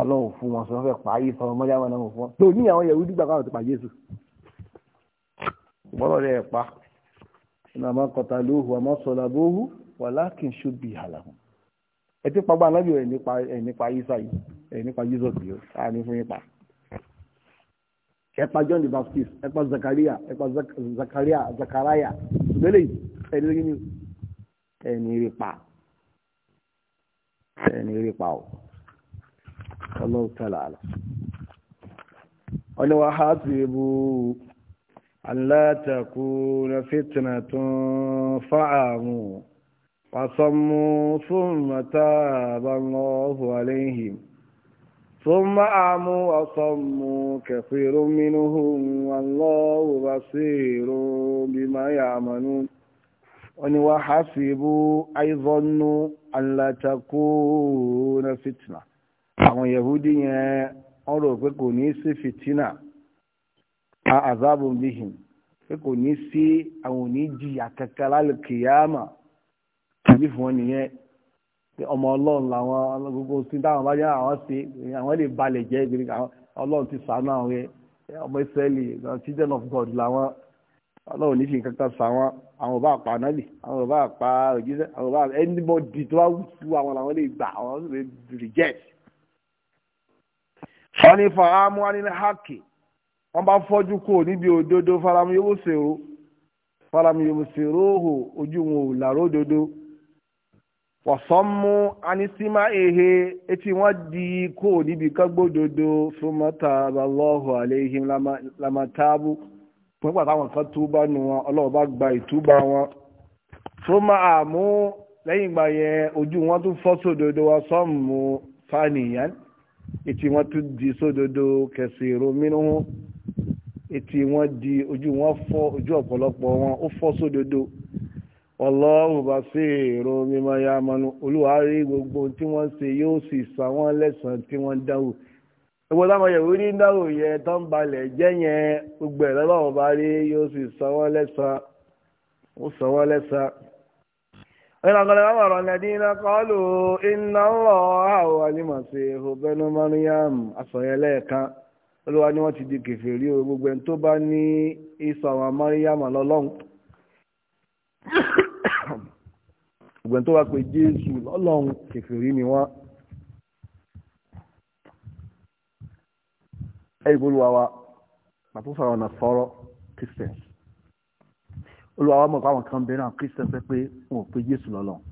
ọlọ́run fún wọn sọ fẹ́ pa ayé fún ọmọdé àwọn ọmọ fún wọn tó ní àwọn yẹ̀wù dìgbà káwọn ti pa Jésù bọ́lọ̀ rẹ̀ pa iná máa kọta lóhu àmọ́ sọ̀lá bóhu wà láàkín ṣubì àlàhùn ẹ ti pa gbà náà bí ẹ̀ nípa Isa yìí ẹ̀ nípa Jésù bí ó sáà ní fún yín pa ẹ̀pà John the Baptist ẹ̀pà Zakaria ẹ̀pà Zakaria Zakaraya ìgbélé ẹni lórí ni ẹni rí pa ẹni rí pa o ọlọ́run tẹ̀lé àlọ́ wọ́n ni wọ́n á ti bu alátakùn fìtìnà tó ń fàámù. وصموا ثم تاب الله عليهم ثم أعموا وصموا كثير منهم والله بصير بما يعملون wọ́n wá hasibu aizọ́nù alatakuna fitna àwọn yahudi yẹn wọ́n rò pé kò ní sí fitina a azabu bihim pé kò ní sí àwọn oníjìyà kankan lálùkìyàmà tàbí fún wọn nìyẹn ọmọ ọlọ́run làwọn gbogbo sí táwọn bá yá àwọn ṣe àwọn lè balẹ̀ jẹ́ ìgbèrè ọlọ́run ti sànú àwọn ọmọ ìsírẹ́lì children of God làwọn ọlọ́run ní fi kankan sàwọn àwọn ọba àpá náà lè àwọn ọba àpá òjíṣẹ́ àwọn ọba anybody tó bá àwọn làwọn lè gbà àwọn lè reject. wọ́n ní hákì wọ́n bá fọ́jú níbi wọ̀sánmú anísímá ehe etí wọ́n di kó níbi kan gbódodo fún mọ́ta balọ́ọ̀hù àléhìn lamatábù fún ìgbà táwọn kan túbá nu wọn ọlọ́run bá gba ìtúbà wọn fún máa mú lẹ́yìn ìgbà yẹn ojú wọn tún fọ́ sódodo wọn sọ́ọ̀mù fàníyàn etí wọn tún di sódodo kẹsì romínú etí wọn di ojú wọn fọ́ ojú ọ̀pọ̀lọpọ̀ wọn ó fọ́ sódodo. So Wallahu basirun bima ya olúwa rí gbogbo tí wọ́n ṣe tí wọ́n ń balẹ̀ gbogbo yóò sì wọ́n lẹ́san ó wọ́n lẹ́san. ولقد أمر الذين قالوا إن الله هو المسيح Olúwa ni wọ́n ti di gbogbo ẹni tó bá ní ìgbọ̀n tó wá pé jésù lọ́lọ́run kèfèrí ni wọ́n ẹ̀yìn olúwa wa màtúfà ọ̀nà fọ́rọ́ christians olúwa wa mọ̀ pé àwọn kan bẹ̀rẹ̀ àwọn christians fẹ́ pé wọn ò pé jésù lọ́lọ́run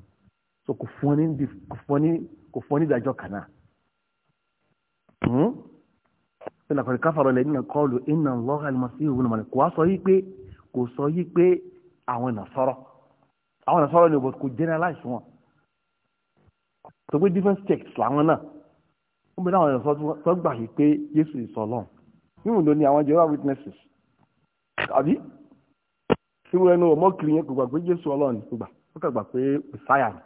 so kò fún ní kò fún ní ìdájọ́ kan náà hmm? ṣe làkọ̀rẹ́ káfàrọ̀ lẹ́yìn náà kọlù iná lọ́gàlì mọ̀ sí ìwúlò mọ̀lẹ́ kò wá sọ yí pé kò sọ yí pé àwọn nàṣọ́rọ̀ àwọn nàṣọ́rọ̀ ni kò generalize wọn tó pé different sects làwọn náà wọ́n bẹ̀rẹ̀ àwọn nàṣọ́rọ̀ tó gbà yìí pé Jésù ìsọ̀lọ́n níwọ̀n ló ní àwọn Jehovah witnesses àbí tí wọ́n ẹnu ọmọ kiri yẹn kò gbà pé Jésù Ọlọ́run kò gbà ó kà gbà pé Messiah ni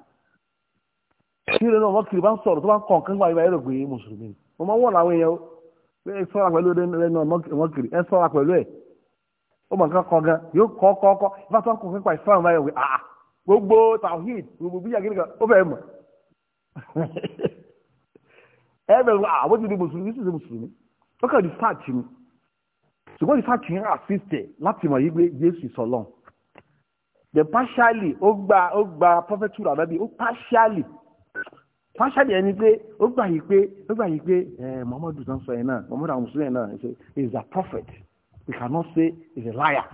tí wọ́n ẹnu ọmọ kiri bá ń sọ̀rọ̀ tó bá ń kàn kán gbà yìí bá yẹ̀rọ pé mùsùlùmí ni mo máa ń wọ̀ làwọn èèyàn ẹ ẹ sọ́ra pẹ̀lú ẹ ó mọ̀ nǹkan kan gan yóò kọ́ kọ́ kọ́ ìfá tó ń kọ́ nípa ìfá àwọn ẹ̀wẹ̀ àà gbogbo tawhid gbogbo bíyà gíga ó fẹ́ mọ̀ [LAUGHS] ẹ bẹ̀rù àwọn ah, ti di mùsùlùmí sì di mùsùlùmí ó kàn di fáàtì ni ṣùgbọ́n di fáàtì yẹn àfíìsì láti mọ̀ yí pé Jésù sọlọ́n the partially ó gba ó gba prophetura, àbẹ́bí ó partially partially ẹni pé ó gbà yí pé ó gbà yí pé ẹ eh, Muhammadu sọ yẹn náà Muhammadu àwọn mùsùlùmí yẹn náà is a prophet we cannot say he's a liar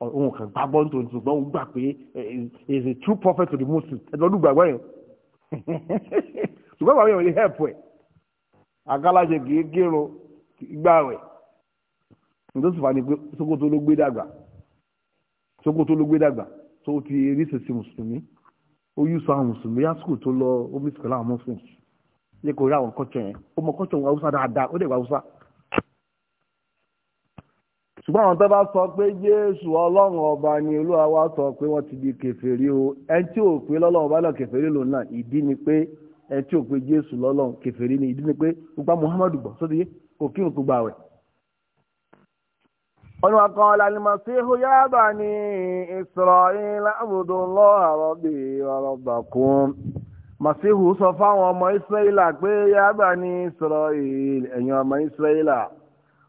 òun kàn gbàgbọ́ nítorí ṣùgbọ́n òun gbà pé eh, eh, he is a true prophet to the muslim ẹ̀dọ́dún gbàgbọ́ yẹn [LAUGHS] ṣùgbọ́n bàbá yẹn ò lè help ẹ̀ agalaje kì í kírun gbà rẹ̀ nítorí sùfà ni pé Sókótó ló gbé dàgbà Sókótó ló gbé dàgbà tó ti rí sèse mùsùlùmí ó yí sọ àwọn mùsùlùmí yásùkù tó lọ ó bí sùkúlù àwọn mùsùlùmí yẹ kó rí àwọn kọ́tọ̀ yẹn ó mọ kọ́tọ̀ wọn haúsá dáadáa ó dẹ̀ wọ haúsá ṣùgbọ́n àwọn tó bá sọ pé jésù ọlọ́run ọba ni olúwa wa sọ pé wọ́n ti di kèfèrí o ẹni tí ò pé lọ́lọ́run ọba náà kèfèrí lòun náà ìdí ni pé ẹni tí ò pé jésù lọ́lọ́run ni ìdí ni pé gbogbo muhammadu gbọ́ sódìyẹ kò kí n kú gbà wẹ̀. ọ̀nà kan lálẹ́mọ̀síhù bá ní isra'ila abudu allaha rabbi wa màsíhù sọ fáwọn ọmọ israẹlà pé yábà ní isra'ila ọmọ israẹlà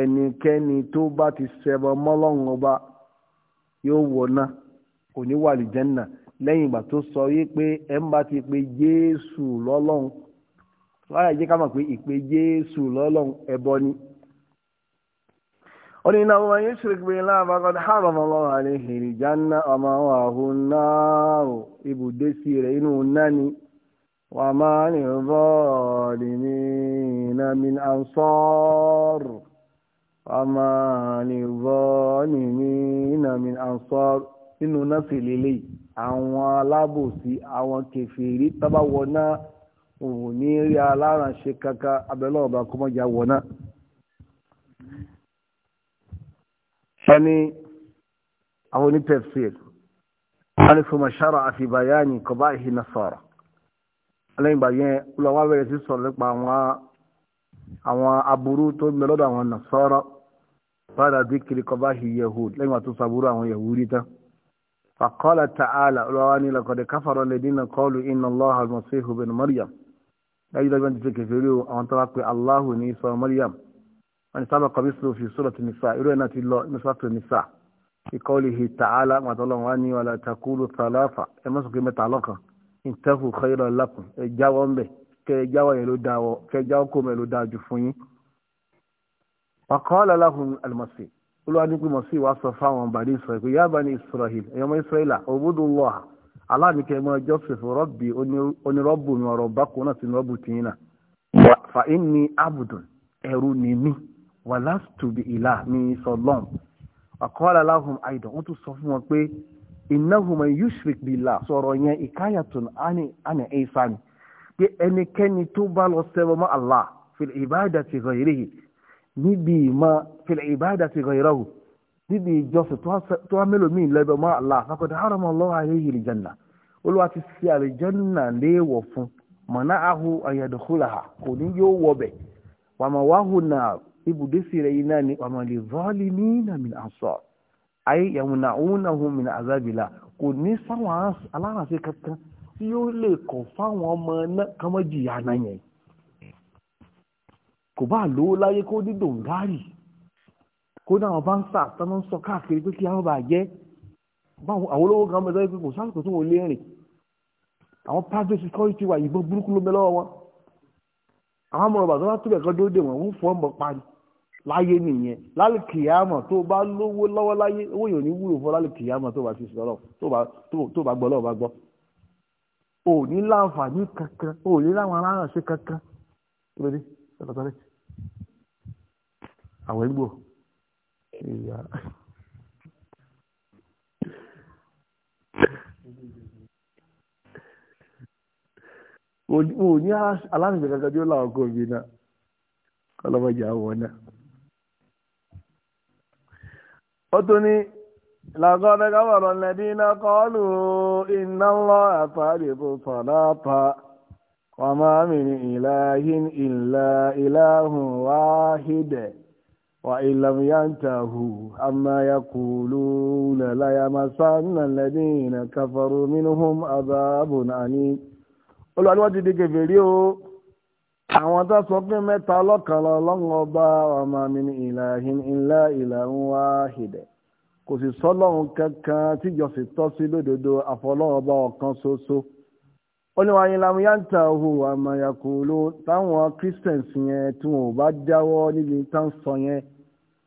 ẹnikẹ́ni tó bá ti ṣẹbọ mọ́lọ́run ọba yóò wọná kò lẹ́yìn ìgbà tó sọ wípé ẹ̀ ń ti pe jésù láyà jẹ́ ká mọ̀ pé ìpè jésù lọ́lọ́run ẹbọ ni. ó ní náà wọ́n yín ṣègbè janna ibùdó sí rẹ̀ inú náà ni ọmọ nìrọ́nìmínà mi ansar nínú nọ́ọ̀sì lélẹ̀ àwọn alábòsí àwọn kẹfìrí tábà wọná òun ní rí alárànṣe kankan abẹ́lẹ́ ọba kọ́mọ́jà wọná. ẹni àwọn onítẹ̀fẹ́ wọ́n fún mọ̀ṣára àti ìbáyáni kọba ìhì nasara lẹ́yìn ìgbà yẹn lọ́wọ́ bẹ̀rẹ̀ sí sọ̀rọ̀ nípa àwọn aburú tó ń bẹ lọ́dọ̀ àwọn nasara bada dhikri qabahi yahud lẹ́yìn wà tó sàbúrò àwọn yahudi tán faqala ta'ala olùwàwá ní laqad kafara alladhina qalu inna allaha al-masihu bin maryam lẹ́yìn lọ́jọ́ ti ṣe kẹfẹ́rẹ́ o àwọn tó wá pé allahu ní sọ maryam wọn ni sábà kọ́bí sọ fi surati nisa irú ẹ̀ náà ti lọ ní surati nisa fi qawlihi ta'ala màtọ́lọ́ wọn ni wala taqulu thalatha ẹ má sọ mẹ́ta lọ́kàn intahu khayran lakum ẹ jáwọ́ ń kẹ́ jáwọ́ yẹn ló dáa wọ kẹ́ jáwọ́ kó mẹ́ ló dáa jù fún yín fàkọ́ọ́lá láhùn àlùmọ̀sí olùwádìí mọ̀sí wa sọ fáwọn bàdí ìsọ̀rọ̀ pé yáàbá ní israel ẹ̀yọ́mọ israẹlà òbúdó lọ́ha aláàbíkẹ́ mọ́ joseph rọ́bì onírọ́bù ní ọ̀rọ̀ bákun náà sí rọ́bù tìyín náà fa inni abudun ẹ̀rù ni mí wà lásìtù bí ìlà mi sọ lọ́n fàkọ́ọ́lá láhùn àìdàn wọ́n tún sọ fún wọn pé innahum yushrik billah sọ̀rọ̀ yẹn ìkáyàtún àní ẹ̀sán pé ẹnikẹ́ni tó bá lọ sẹ́wọ́ mọ́ allah fil ibadati ghayrihi níbi ìmọ̀ fìlẹ̀ ìbáàdà ti ràn ìrọ̀rù níbi ìjọsìn tó wá mélòó míì lẹ́bẹ̀ mọ́ Allah faqad harama Allahu alayhi al-janna olúwa ti ṣe àlìjánná léèwọ̀ fún mọ̀nà ahu ayadkhulaha kò ní yóò wọbẹ̀ wàmọ̀wáhù náà ibùdó sí rẹ̀ iná ni wàmọ̀lẹ̀ zọ́ọ̀lì ní nàmì àṣọ ayé yàmùnà òun náà hùn mìíràn àzábìlà kò ní sáwọn alárànṣe kankan tí yóò lè kọ̀ fáwọn ọmọ náà kọ́mọ́jìyà náà yẹn kò bá lówó láyé kó ní dòǹgárì kó ní àwọn báńsà tó máa ń sọ káàkiri pé kí àwọn bá jẹ́ àwọn olówó kan mẹ́ta pé kò sáàkó tó wọlé rìn àwọn private security wa ìbọn burúkú ló mẹ́lọ́wọ́ wọn àwọn ọmọ ọba tó bá túbẹ̀ kan dúró dè wọ́n ń fọ́ ọmọ parí láyé nìyẹn lálùkìyàmọ̀ tó bá lówó lọ́wọ́ láyé owó yóò ní wúlò fún lálùkìyàmọ̀ tó bá ti sọ̀rọ̀ tó bá gbọ́ lọ́wọ́ bá gbọ́ ò ní láǹfààní kankan ò ní láwọn aláǹṣe kankan tó lè dé tó lọ sọ́lẹ̀ àwọn Ìgbò ìyá. mo ní aláǹgbẹ̀ kankan tí ó láwọn kò bí náà kọlọ́mọjà àwọn náà. ó tún ní لقد كفر الذين قالوا إن الله فارق صلاة وما من إله إلا إله واحد وإن لم ينتهوا عما يقولون ليمسن الذين كفروا منهم عذاب أليم olùwàlúwà ti di kèfèrí o àwọn tó sọ pé mẹ́ta lọ́kan lọ́lọ́run ọba ọmọ mi ní ìlàhìn ńlá ìlàhìn wá hìdẹ kò sì sọ́lọ́run kankan tíjọsìn tọ́ sí lódodo àfọlọ́run ọ̀kan ṣoṣo ó ní wàá yín yáǹtà òhù àmàyàkùlù táwọn christians yẹn tí wọn ò bá jáwọ́ níbi tá ń sọ yẹn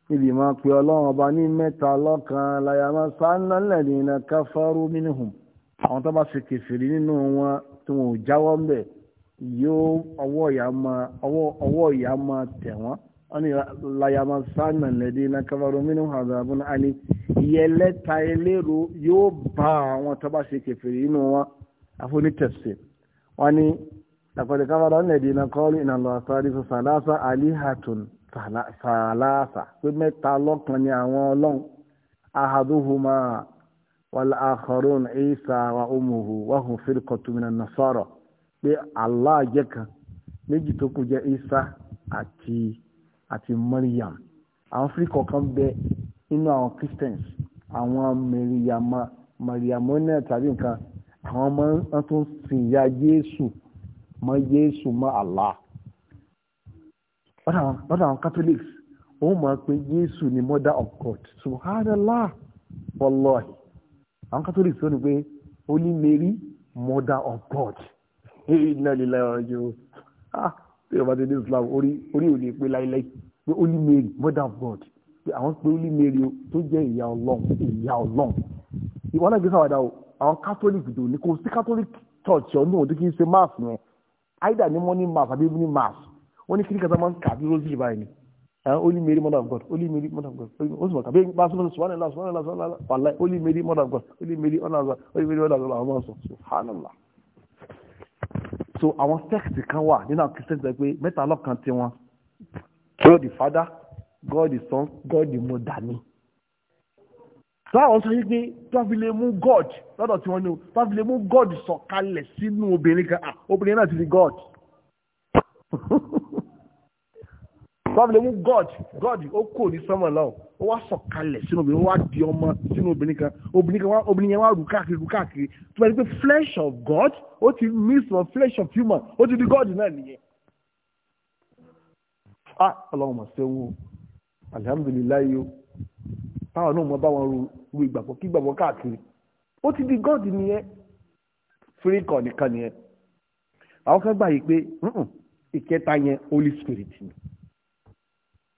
níbi máa pe ọlọ́run ọba ní mẹ́ta lọ́kan láyàmá sáánà lẹ́dínà káfárú mínúhùn àwọn tó bá ṣe kẹfìrí nínú wọn tí wọn ò jáwọ́ ń bẹ̀ yóò ọwọ́ ìyá máa tẹ̀ wọ́n wọ́n ní láyàmá sáánà lẹ́dínà káfárú mínúhùn àzàbùn àní ìyẹlẹ́ta eléro yóò bá àwọn tó bá ṣe kẹfìrí nínú wọn àfonítẹ̀sẹ̀ wọ́n ní àpẹẹrẹ káfárú lẹ́dínà kọ́ọ́lù ìnàlọ́ sàlásà pé mẹ́ta lọ́kan ni àwọn ọlọ́run ahaduhuma wal akharun isa wa umuhu wa hum firqatu minan nasara pé Allah jẹ́ kan méjì tó kù jẹ́ isa àti àti Maryam àwọn fíríkọ̀ kan bẹ nínú àwọn Christians àwọn mẹ̀ríyàmá mẹ̀ríyàmọ́nà tàbí nǹkan àwọn ọmọ tó ń sìn ya Jésù mọ́ Jésù mọ́ Allah lọ́dọ̀ àwọn catholics wọ́n máa pe Jésù ni mother of God subhanallah wallahi àwọn catholics wọ́n ní pé Holy Mary mother of God iná lílá ọ̀rọ̀ jù ah tí o bá ti ní Islam orí orí ò lè pe láíláí pé Holy Mary mother of God pé àwọn pé Holy Mary tó jẹ́ ìyá Ọlọ́run ìyá Ọlọ́run ìwọ́n náà gbé sáwádà o àwọn catholic dò ní kò sí catholic church ọ̀nà òdìkí ṣe mass yẹn either ní morning mass àbí evening mass wọ́n ní kíríkà sábà ń kà bí rosary báyìí ni holy mary mother of god holy mary mother of god ó sì mọ̀ kàbí bá a sọ́nà sùwọ́n náà sùwọ́n náà sùwọ́n náà wàlá holy mary mother of god holy mary honor of god holy mary honor of god àwọn máa sọ subhanallah. so àwọn sẹ́ẹ̀tì kan wà nínú àwọn christian sọ pé mẹ́ta lọ́kan tí wọ́n god the father god the son god the mother ni. sáwọn sọ yìí pé tọ́fìlẹ̀ mú god lọ́dọ̀ tí wọ́n ní o tọ́fìlẹ̀ mú god sọ̀kalẹ̀ sínú obìnrin kan obìnrin náà ti di god. [LAUGHS] tọ́bìlẹ̀ mú god god ó kò ní sọ́mọ̀ lọ́wọ́ ó wá sọ̀kalẹ̀ sínú obìnrin wá di ọmọ sínú obìnrin kan obìnrin kan obìnrin yẹn wá rù káàkiri rù káàkiri tó bá yẹ pé flesh of god ó ti mix from flesh of human ó ti di god náà nìyẹn. a ọlọ́run mọ̀ sí ewu alihamudulilayi o táwọn náà mọ bá wọn ru ìgbàgbọ́ kí ìgbàgbọ́ káàkiri ó ti di god nìyẹn fíríkọ̀ nìkan nìyẹn àwọn kan gbà yìí pé ìkẹta yẹn holy spirit ni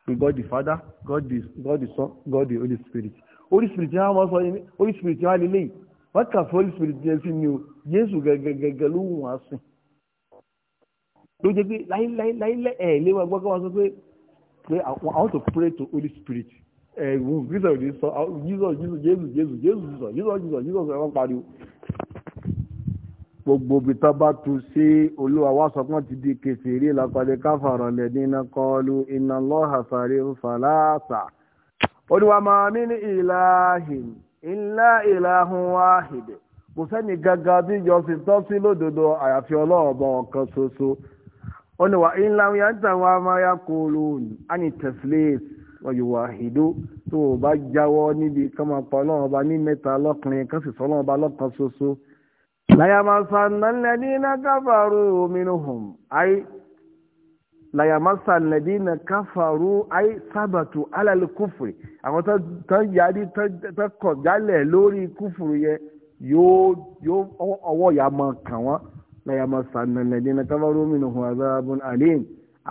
pé God the Father God the God the Son God the Holy Spirit Holy Spirit yẹn wọ́n sọ yẹn Holy Spirit yẹn wà lélẹ̀ yìí wọ́n kà fún Holy Spirit yẹn sí ni o Jésù gẹ́gẹ́gẹ́gẹ́ ló wù wá sìn ló jẹ́ pé láíláíláílẹ́ ẹ̀ lé wọn gbọ́gbọ́ wọn sọ pé pé I want to pray to Holy Spirit ẹ̀ wù Jésù Jésù Jésù Jésù Jésù Jésù Jésù Jésù Jésù Jésù Jésù Jésù Jésù Jésù gbogbo ibi tó bá tu sí olúwa wá sọ pé wọ́n ti di kèfèrí làpàdé káfàrọ̀ lẹ́dínà kọlu iná lọ́hà sáré fàlàsà olúwa máa mí ní ìlàhìn illa ìlàhùn wáhìdì kò sẹ́ni gàgà bí ìjọsìn tọ́ sí lódodo àyàfi ọlọ́ọ̀bọ ọ̀kan ṣoṣo ó ní wà ńlá ń yàtọ̀ wọn máa yá kóòlù àní tẹ̀sílẹ̀sì wọ́n wá ìdó tó o bá jáwọ́ níbi kọ́mọpọ̀ ọlọ́ọ̀bá ní mẹ́ta lọ́kùnrin kan sì sọ ọlọ́ọ̀bá lọ́kan ṣoṣo layamassanna alladhina kafaru minhum ay layamassanna alladhina kafaru ay sábàtù alal kufri àwọn tó yáàdí tó kọ̀ jálẹ̀ lórí kúfùrù yẹn yóò yóò ọwọ́ ìyà máa kàn wọ́n layamassanna alladhina kafaru minhum azabun alim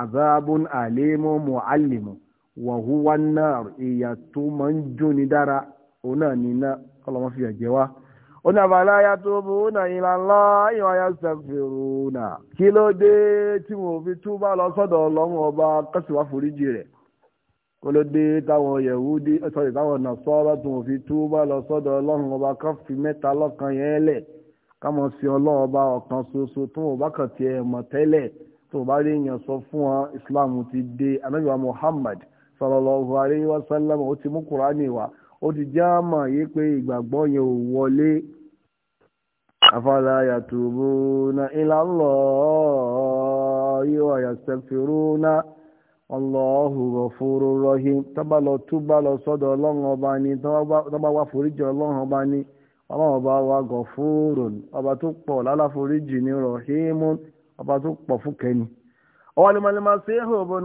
azabun alimu mu'allimu wa huwa an-nar ìyà tó máa ń fi yà jẹ́ wá ona fala yatubuna ila Allahi wa yastaghfiruna kí ló dé tí wọn fi túbà lọ sọ́dọ̀ Ọlọ́run ọba kọsíwá foríjì rẹ̀ kó ló dé táwọn Yahudi eh, sọrí táwọn Nasara tí wọn fi túbà lọ sọ́dọ̀ Ọlọ́run ọba kan fi mẹ́ta lọ́kan yẹn lẹ̀ kámọ sí Ọlọ́run ọba ọ̀kan ṣoṣo tí wọn bá kàn tiẹ̀ mọ̀ tẹ́lẹ̀ tí wọn bá rí èèyàn sọ fún wọn Islam ti dé anabiwa Muhammad sallallahu alaihi wasallam ó ti mú Kúránì wá ó ti já mọ̀ yí pé ìgbàgbọ́ yẹn ò wọlé afala yatubuna ila Allahi wa yastaghfiruna Allahu ghafurur rahim tọ́ba lọ túbá lọ sọ́dọ̀ ọlọ́run ọba ni tọ́ba foríjì ọlọ́run ọba ni ọlọ́run ọba wa ghafurun ọba tó pọ̀ lálàforíjì ni rahimun ọba tó pọ̀ fúkẹ́ni. أول ما المسيح ابن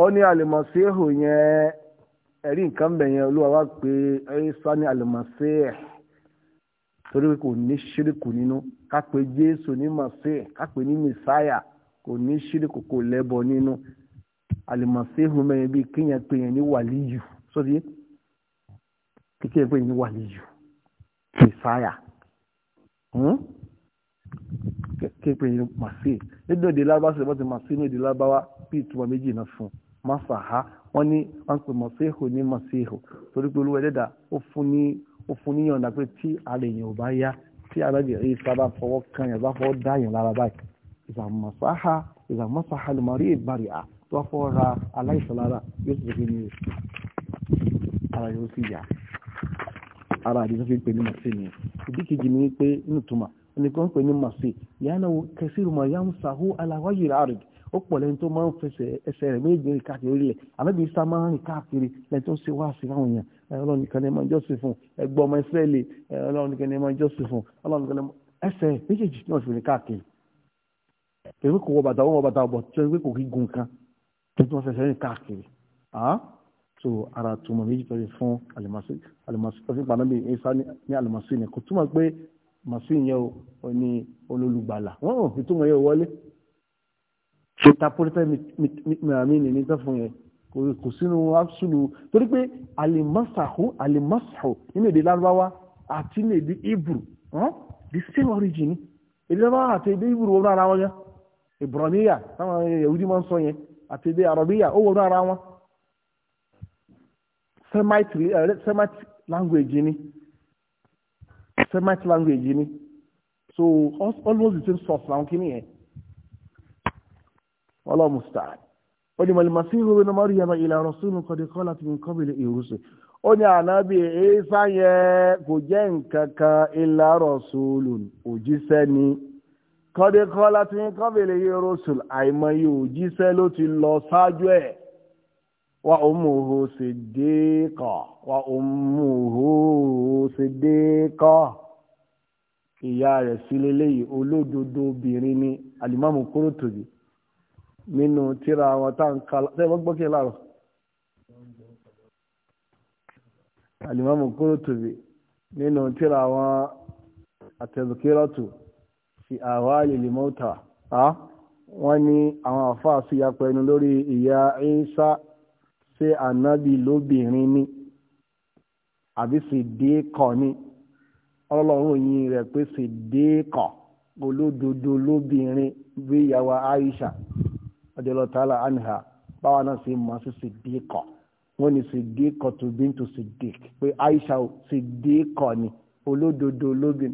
ó ní alimọ̀síhù yẹn ẹ̀rí nǹkan bẹ̀ yẹn olúwa wá pé ẹ̀yẹ́sá ní alimọ̀síhù torí kò ní ṣíríkù nínú jésù ní mọ̀síhù ní kò ní ṣíríkù kò nínú alimọ̀síhù mẹ́rin bíi pé yẹn ní wàlíyù sódì pé yẹn ní wàlíyù mẹ̀sáyà kéèyàn nínú èdè lábáwá sọ̀rọ̀ bá èdè méjì náà fún un. masaha wọ́n ní wọ́n pè mọ̀síhù ní mọ̀síhù torí pé olúwa ẹ̀dẹ́dà ó fún ní yọ̀ǹda pé tí ara èèyàn ò bá yá tí alábì ìsá bá fọwọ́ kan yàn bá fọwọ́ dá yàn lára báyìí ìzàmọ̀sáhà ìzàmọ̀sáhà ló máa rí ìbàrì à tó wá fọwọ́ ra aláìsàn lára yóò sì fi ní ara yóò sì yá ara àdìsá fi ń pè ní màsí ni ìdí kejì ni pé nítumà ẹnì ń pè ní màsí yánnáwó kẹsìrìmọ̀ yánsáhù aláwáyé rárẹ̀ ó pọ̀ lẹ́ni tó máa ń fẹsẹ̀ ẹsẹ̀ rẹ̀ méjì rìn káàkiri orílẹ̀ àbẹ́bí sá máa ń rìn káàkiri lẹ́ni tó ń ṣe wá sí àwọn èèyàn ọlọ́run nìkan ni ẹ máa jọ́sìn fún ẹgbọ́ ọmọ ìsírẹ́lì ọlọ́run nìkan ni ẹ máa jọ́sìn fún ọlọ́run nìkan ni ẹsẹ̀ méjèèjì náà fi rìn káàkiri èmi kò wọ bàtà wọ bàtà ọ̀bọ̀ tó ẹgbẹ́ kò kí gun kan tó tún fẹsẹ̀ rìn káàkiri so ara tuma méjì tó lè fún alimasi alimasi tó fi alimasi ni kò túmọ̀ pé màsí yẹn o ní olólùgbàlà wọ́n ò so tapolítẹ́ mìíràn ní tẹ́ fún yẹn kò sínú absolu torí pé alimasahu alimasahu nínú èdè lárúbáwá àti nínú èdè hebrew the same origin èdè lárúbáwá àti èdè hebrew wọ́n ara wọn yẹn ibraniya táwọn yahudi máa ń sọ yẹn àti èdè arabiya ó wọ́n ara wọn eh, semite language ni semite language ni so almost the same source làwọn kìíní yẹn wallahu musta'an ó ní mọ̀lẹ́mọ̀síhù ibn Maryam ila rasulun qad khalat min qablihi rusul ó ní ànábì Ìsá yẹn kò jẹ́ nǹkan kan illa rasulun òjíṣẹ́ ni qad khalat min qablihi rusul àìmọye òjíṣẹ́ ló ti lọ ṣáájú ẹ̀ wa ummuhu siddiqa wa ummuhu siddiqa ìyá rẹ̀ sí leléyìí olódodo obìnrin ni alimamu Qurtubi nínú tíra wọn tá n kala ṣe wọ́n gbọ́ kí ẹ láàrọ̀ alimami Qurtubi nínú tíra wọn àtẹ̀zùkírọ̀tù fi àwáàlì lèmọ́ta wọ́n ní àwọn àfáà sí ya pẹ̀lú lórí ìyá Ìsá ṣé ànábì lóbìnrin ni àbí sìdíkọ̀ ni ọlọ́run yìí rẹ̀ pé sìdíkọ̀ olódodo lóbìnrin bí ìyàwó Aisha radiyallahu anha báwa náà sì mọ̀ sí Siddiqa wọ́n ní Siddiqa tó bintu Siddiq pé Aisha Siddiqa ni olódodo lóbìn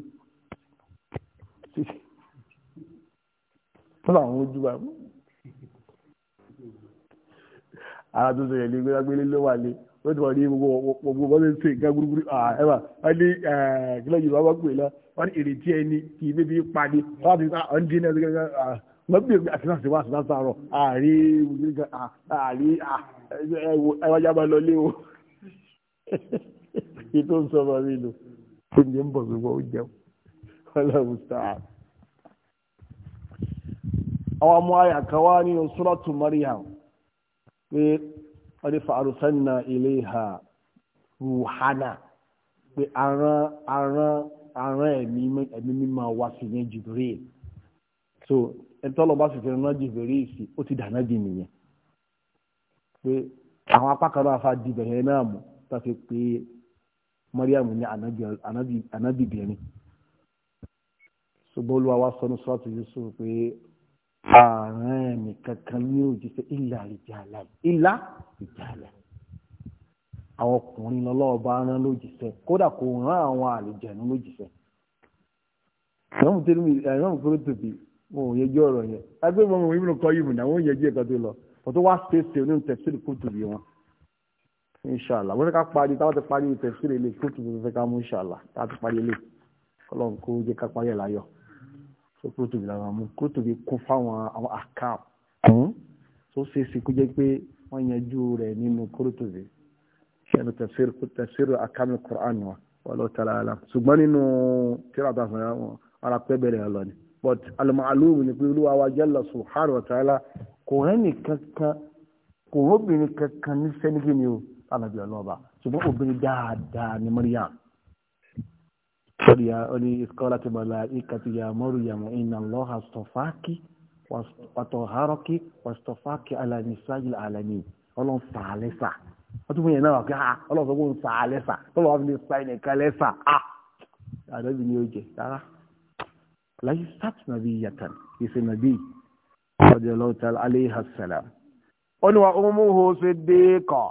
fún àwọn ojú wa ara tó sọ yẹn lé gbéragbélé ló wà lé ó ti wà ní gbogbo bọ́lá ń sè ká gúrúgúrú ẹ bá wọ́n ní kílọ̀ yorùbá wá pè lọ wọ́n ní ìrètí ẹni kì í bébí pàdé wọ́n á ti sá ọ̀ndínlẹ́sẹ̀ lọ́bí èmi àti láti wá sí láti àárọ̀ ààrí ìwúgbìngàn ààrí ẹwàjá máa lọ lé o kí ń sọ̀rọ̀ mi lò kí ni ń bọ̀ gbogbo oúnjẹ ọlọ́run sáà. àwọn ọmọ ayà kan wá nínú suratu Maryam pé wọ́n ti fa arsalna ilayha ruhana pé aran aran aran ẹ̀mí mímọ́ wá sí ní Jibril ẹtọ́lọ́ bá sì fi rán ìsì ó ti dàná bì nìyẹn pé àwọn apá kan náà fa dìbẹ̀rẹ̀ náà mú tàfi pé Mariam ní anábìbìrin ṣùgbọ́n olúwa wa sọ ní sọ́ọ̀tù Yusuf pé ààrẹ nìkan kan ní òjíṣẹ́ ìlà ìjàlá ìlà ìjàlá àwọn ọkùnrin rán kódà kò rán àwọn wọn ò yẹjú ọ̀rọ̀ yẹn ẹgbẹ́ wọn wọn ìbùnú kọ́ yìí mùnà wọn ò yẹjú ẹ̀ka tó lọ kòtò wá ṣèṣe onínú tẹ̀síìrì kóòtù bí wọn. inṣàlá wọ́n ti ká parí táwọn ti parí tẹ̀síìrì ilé kóòtù tó fẹ́ ká mú inṣàlá táwọn ti parí ilé kọ́lọ́n kó jẹ́ ká parí ẹ̀ láyọ̀ tó kóòtù bí làwọn mú kóòtù bí kún fáwọn àwọn àkàm tó hmm? ṣeéṣe kó jẹ́ pé wọ́n yanjú rẹ̀ nínú kóòtù bí ṣẹ́nu tẹ̀síìrì àkàmì kùránì wọn wọ́n lọ́ọ́ tẹ̀lé ara ṣùgbọ́n nínú tíra but alimaalumu ni pé olúwa wa jalla subhanahu wa ta'ala kò rẹ́ni kankan kò róbìnrin kankan ní sẹ́nìkì ni o alábi ọlọ́ba ṣùgbọ́n obìnrin dáadáa ni Maryam. sọ́dí ya ọ ní ìkọ́lá ti bàlá ìkàtí ya Maryam inna Allaha astafaki wàtọ̀hárọ́kí wàtọ̀fákí alàmìsáyìl alàmì ọlọ́n sàálẹ́sà wọ́n tún fún yẹn náà wà ah, kí á ọlọ́n sọ tọ́lọ́ wà fi lè sa ẹnìkan lẹ́sà á ah! àdọ́bì ni jẹ rárá laisat nabiyatan kì í ṣe nàbí radiyallahu ta'ala alayhi salam ó wa ummuhu siddiqa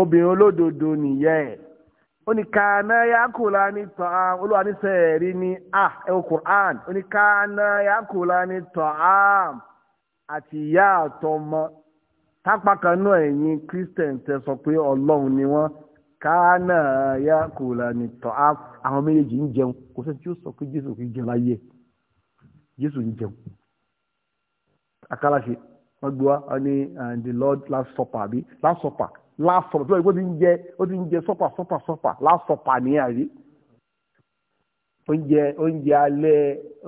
obìnrin olódodo nìyẹn ó ní kàánà yákùlá ní tọ́án olúwa ní sẹ́ẹ̀rí ní ah ẹ̀wọ̀ Qur'an ó ní kàánà yákùlá ní tọ́án àti ìyá àtọmọ tápákanú ẹ̀yin Christian tẹ sọ pé ọlọ́run ni wọ́n kánà ya kùlà ní tọ́ àwọn méjèèjì ń jẹun kò sí tí ó sọ pé jésù kì í jẹun láyé jésù ń jẹun akálàṣe wọ́n gbé wa ní the lord last supper àbí last supper last supper tí wọ́n ti ń jẹ ó ti ń jẹ supper supper supper last supper ní àrí oúnjẹ oúnjẹ alẹ́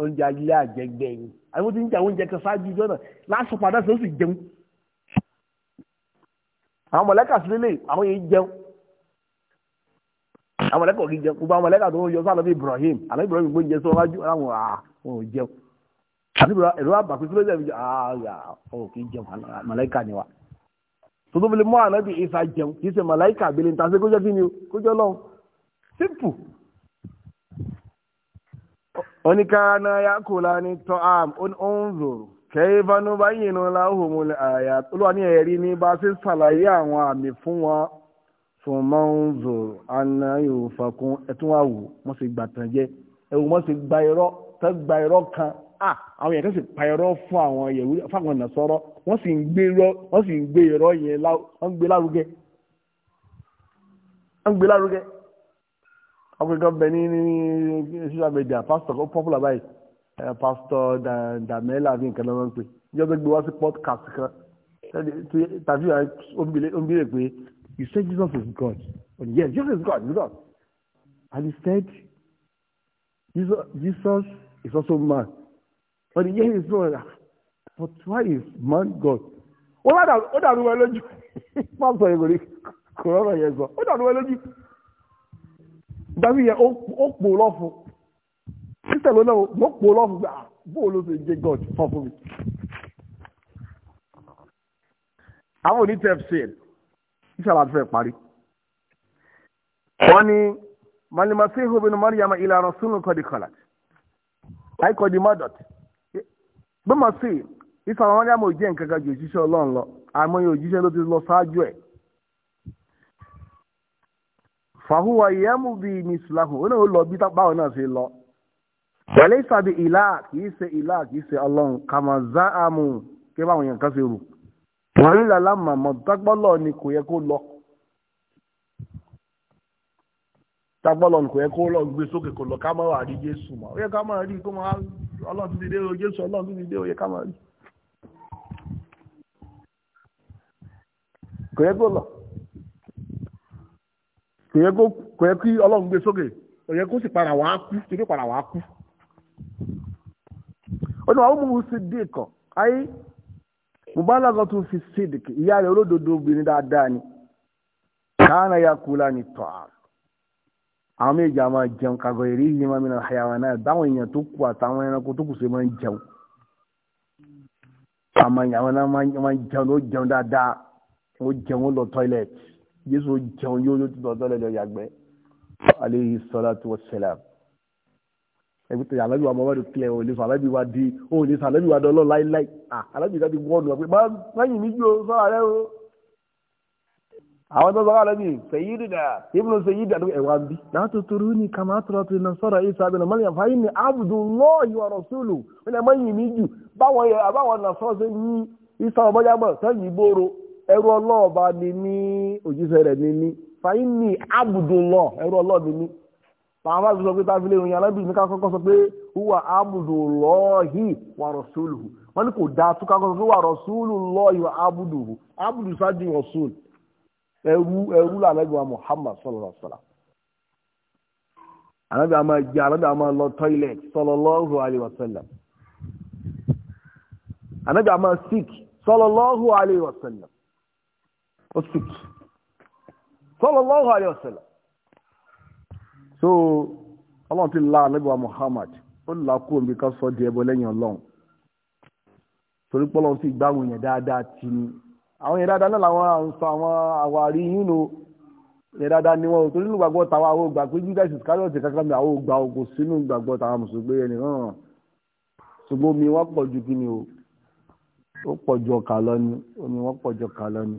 oúnjẹ alẹ́ àjẹgbẹ̀yìn àwọn tó ti ń jẹ àwọn oúnjẹ kan ṣáájú ìjọ last supper náà sì ó sì jẹun àwọn mọ̀lẹ́kà sílẹ̀ àwọn yẹn jẹun àwọn mọ̀lẹ́kà kì í jẹun gbogbo àwọn mọ̀lẹ́kà tó ń yọ sálọ bí Ibrahim àlọ́ Ibrahim gbóúnjẹ sọ wájú àwọn àwọn ò jẹun àti ẹ̀rọ àbàkú tí lóṣèlú jẹ ààyà ò kì í jẹun mọ̀lẹ́kà ni wa tó tó fi ànábì Ìsá jẹun kì í ṣe mọ̀lẹ́kà àbílẹ̀ níta sí kójọ́ kí o kójọ́ lọ́hùn simple oníkàánà yakula ní tọ́ám onzoro kẹ́hìnfánú báyìí nù láhùnmùlẹ̀ ní ẹ̀rí ní bá ṣe ṣàlàyé fún mọ́ńzò àná ìrùfàkún ẹ̀tún wà wò wọ́n sì gbà tàn jẹ́ ẹ̀wù wọ́n sì gba irọ́ tẹ́ gba irọ́ kan à ah, àwọn yẹn kan sì pa irọ́ fún àwọn yẹ̀wù fáwọn nàṣọ́rọ́ wọ́n sì ń gbé irọ́ wọ́n sì ń gbé irọ́ yẹn wọ́n ń gbé lárugẹ. wọ́n ń gbé lárugẹ. ọkùnrin bẹ ní ní social media pastor ó popular báyìí pastor damela fi nǹkan lọ́wọ́ ń pè ìjọba gbé wá sí podcast kan tàbí ó ń bìlẹ̀ You said Jesus is God. And yes, Jesus is God, God. And he said, Jesus, is also man. And yes, he is God. But why is man God? Ó dàrú ó dàrú wọn lójú. Má sọ èrò rí kòrónà yẹn sọ. Ó dàrú wọn lójú. Dàbí yẹn ó pò lọ́fun. Sísẹ̀ ló náà ó pò lọ́fun gbà ah, bóòlù ló ṣe jẹ́ God sọ mi. Àwọn onítẹ̀fsìn inshallah àti fẹ́ parí. wọ́n ní malimasihu bin mariam ila rasulun kọ́dí kọ́lá àìkọ́dí mọ́dọ̀t bí mo sì ìfà wọn ní àmọ̀ òjìṣẹ́ nǹkan kan ju òjíṣẹ́ ọlọ́run lọ àmọ́ yóò òjíṣẹ́ ló ti lọ ṣáájú ẹ̀ fàhùwà ìyẹ́mú bí mìsùláhù ó náà lọ bí báwọn náà ṣe lọ wọlé ìsàbí ìlà kìí ṣe ìlà kìí ṣe ọlọ́run kàmọ̀ záàmù kí báwọn èèyàn kan ṣe rù wọ́n rí làlá màmọ́ ni kò yẹ kó lọ ni kò yẹ kó lọ gbé sókè kò lọ ká máa wà rí Jésù mọ́ ó yẹ ká máa rí kó máa ọlọ́run ti dé o Jésù ọlọ́run ti dé o yẹ ká máa rí kò yẹ kó lọ kò yẹ kó kò yẹ kí ọlọ́run gbé sókè kò yẹ kó sì mubalagatu fi sidik ìyá rẹ̀ olódodo obìnrin dáadáa ni káàna ya kula ni tọ́à àwọn méjì àwọn jẹun kàgọ́ èrè yìí máa mìíràn àyàwó náà dáwọn èèyàn tó kù àtàwọn ẹranko tó kù sí máa ń jẹun àmọ́ àwọn náà máa ń jẹun ó jẹun dáadáa ó jẹun ó lọ tọ́ilẹ̀tì Jésù jẹun yóò lọ tọ́ilẹ̀tì ó yàgbẹ́ aleyhi salatu wa salam. ẹbí tó alábì wa mọ́wádìí kílẹ̀ sọ di ò sọ alábì wa dọ́lọ́ láíláí alábì ah, di ti gbọ́dọ̀ pé má sáyìn o sọ́ra rẹ o. àwọn tó sọ́ra alábì sẹ́yìn dìda ibùdó sẹ́yìn dìda ẹ̀wà ń bí. láti torí ní kàmá tọrọ tó iná sọ́ra Isa abẹ́nà mọ́lẹ̀ fàáyín ní ní Isa àwọn bá sọ pé onye ìròyìn alábìrì ní ká sọ pé wúwà ábùdù lọ́ọ̀hì wà rọ̀ṣúlù wọ́n ní kò dáa tó wà rọ̀ṣúlù lọ́ọ̀hì wà ábùdù ábùdù sáájú rọ̀ṣúlù wa Muhammad sallallahu alaihi wasallam ànàbí àmà jẹ ànàbí lọ toilet sallallahu alaihi wasallam ànàbí àmà sick sallallahu alaihi ó wasallam. so ọlọ́run ti la ànábì wa Muhammad ó là kú omi ká sọ di ẹbọ lẹ́yìn ọlọ́run torí pọ́lọ́run sì gbáwọn yẹn dáadáa ti ni àwọn yẹn dáadáa náà làwọn àǹsọ àwọn àwárí yín nu yẹn dáadáa ni wọn ò torí nínú gbàgbọ́ tàwa àwọn ògbà pé Judas Iscariot kankan mi àwọn ògbà ògò sínú gbàgbọ́ tàwa mùsùlùmí ẹni hàn ṣùgbọ́n omi wọn pọ̀ ju kí ni o ó pọ̀ ju ọkà lọ ni omi wọn pọ̀ ju ọkà lọ ni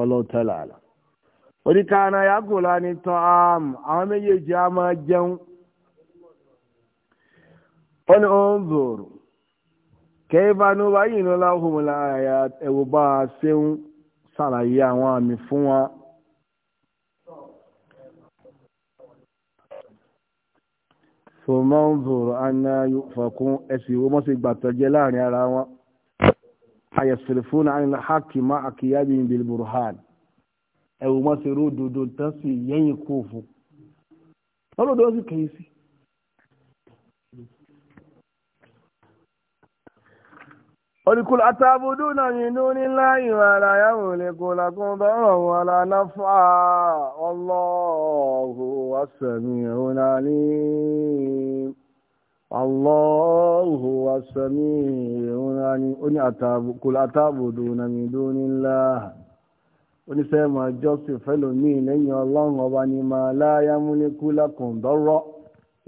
ọlọ́tẹ̀lá àlà. ya gula ni tọ́ám àwọn méjèèjì á máa jẹun ó ní ó ń zòrò kẹ́ẹ́fánú bá yìí ní láhùnmùlá ya ewu ba a ṣeun ṣàlàyé àwọn àmì fún wa. sọmọ ń zòrò aná fọkún ẹsìn ìwọ mọ́ sí gbàtọ́jẹ láàrin ara wọn burhan. ẹ̀wọ̀n wọn ṣe ródòdó tán sí ìyẹ́yìn kó fún lọ́dọ̀dọ̀ sì kìí sí. olùkùlù àtàbùdù náà nínú nílá ìwà ara yàwùn lẹ́kọ̀ọ́ làkún dọ́rọ̀ wọn aláàfà Allahu as-sami'un alim Allahu as-sami'un alim ó ní àtàbùdù náà nínú oníṣẹ́ máa jọ́sìn fẹ́lòmíì lẹ́yìn ọlọ́run ọba ni máa láyá múníkú lákùn dọ́rọ́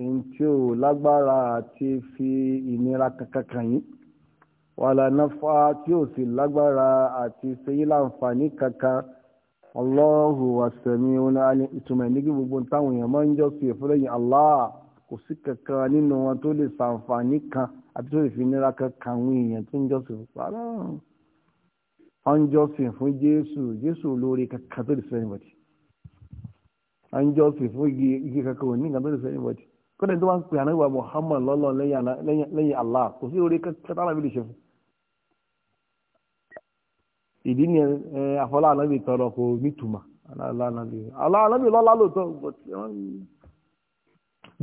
èyí tí ò lágbára àti fi ìnira kankan kàn yín wàhálà náfà tí ò sì lágbára àti ṣeyí láǹfààní kankan ọlọ́hu àsẹ̀mí onáni ìtumọ̀ nígbì gbogbo táwọn èèyàn máa ń jọ́sìn fẹ́lẹ́yìn Allah kò sí kankan nínú wọn tó lè ṣàǹfààní kan àti tó lè fi ìnira kankan àwọn èèyàn tó ń jọ́sìn fún ọ̀njọ́sìn fún jésù jésù olóore kankan tó lè sọ ẹnìbọ̀dì ọ̀njọ́sìn fún igi kankan ò ní nǹkan tó lè sọ ẹnìbọ̀dì kọ́ni tó wá ń pè ànáwó muhammad lọ́lọ́ lẹ́yìn allah kò sí tó fún. ìdí ni àfọlá tọrọ kò lọ́lá lóòótọ́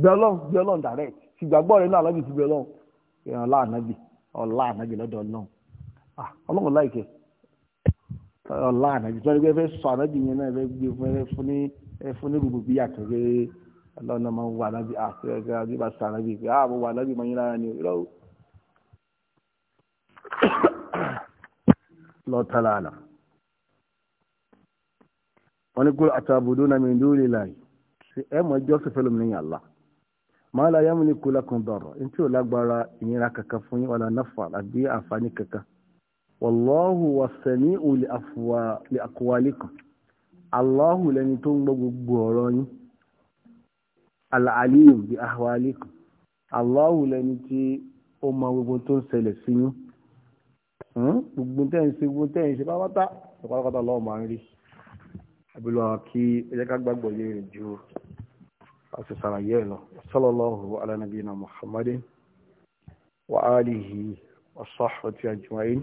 bẹ́ọ̀lọ́n bẹ́ọ̀lọ́n direct náà ti bẹ́ọ̀lọ́n lọ́dọ̀ ọlọ́run ah, ọlọ́run láìkẹ́ e. ọlá ànábì tó ń gbé fẹ́ sọ ànábì yẹn náà fẹ́ gbé fún ní fún ní rúbù bí yàtọ̀ pé ọlọ́run náà máa ń wà ànábì àfẹ́fẹ́ àbí bá sọ ànábì pé àbò wà ànábì mọ́ yín lára ni ìrọ̀ lọ́tàlá àlà wọ́n ní kó àtàbùdó náà mi dúró lè láàyè ẹ mọ̀ ẹjọ́ sì fẹ́lẹ̀ mìíràn Allah máa la yẹ́mu ní kó lákùn dọ̀rọ̀ ní tí ò lágbára ìnira kankan fún yín wàlá náfà àbí àǹfààní kankan wallahu was-sami'u li aqwalikum Allahu lẹni tó ń gbọ́ gbogbo ọ̀rọ̀ yín al-alim bi ahwalikum Allahu lẹni tí ó mọ gbogbo tó ń ṣẹlẹ̀ sí yín hmm? gbogbo tẹ́yìn sí gbogbo tẹ́yìn sí pápátá ìpátápátá lọ́wọ́ máa ń rí abúlé wa kí ẹjẹ́ ká gbàgbọ́ yé rìn ju àti sàlàyé ẹ̀ lọ sallallahu ala nabiyina Muhammadin wa alihi wa sahbihi ajma'in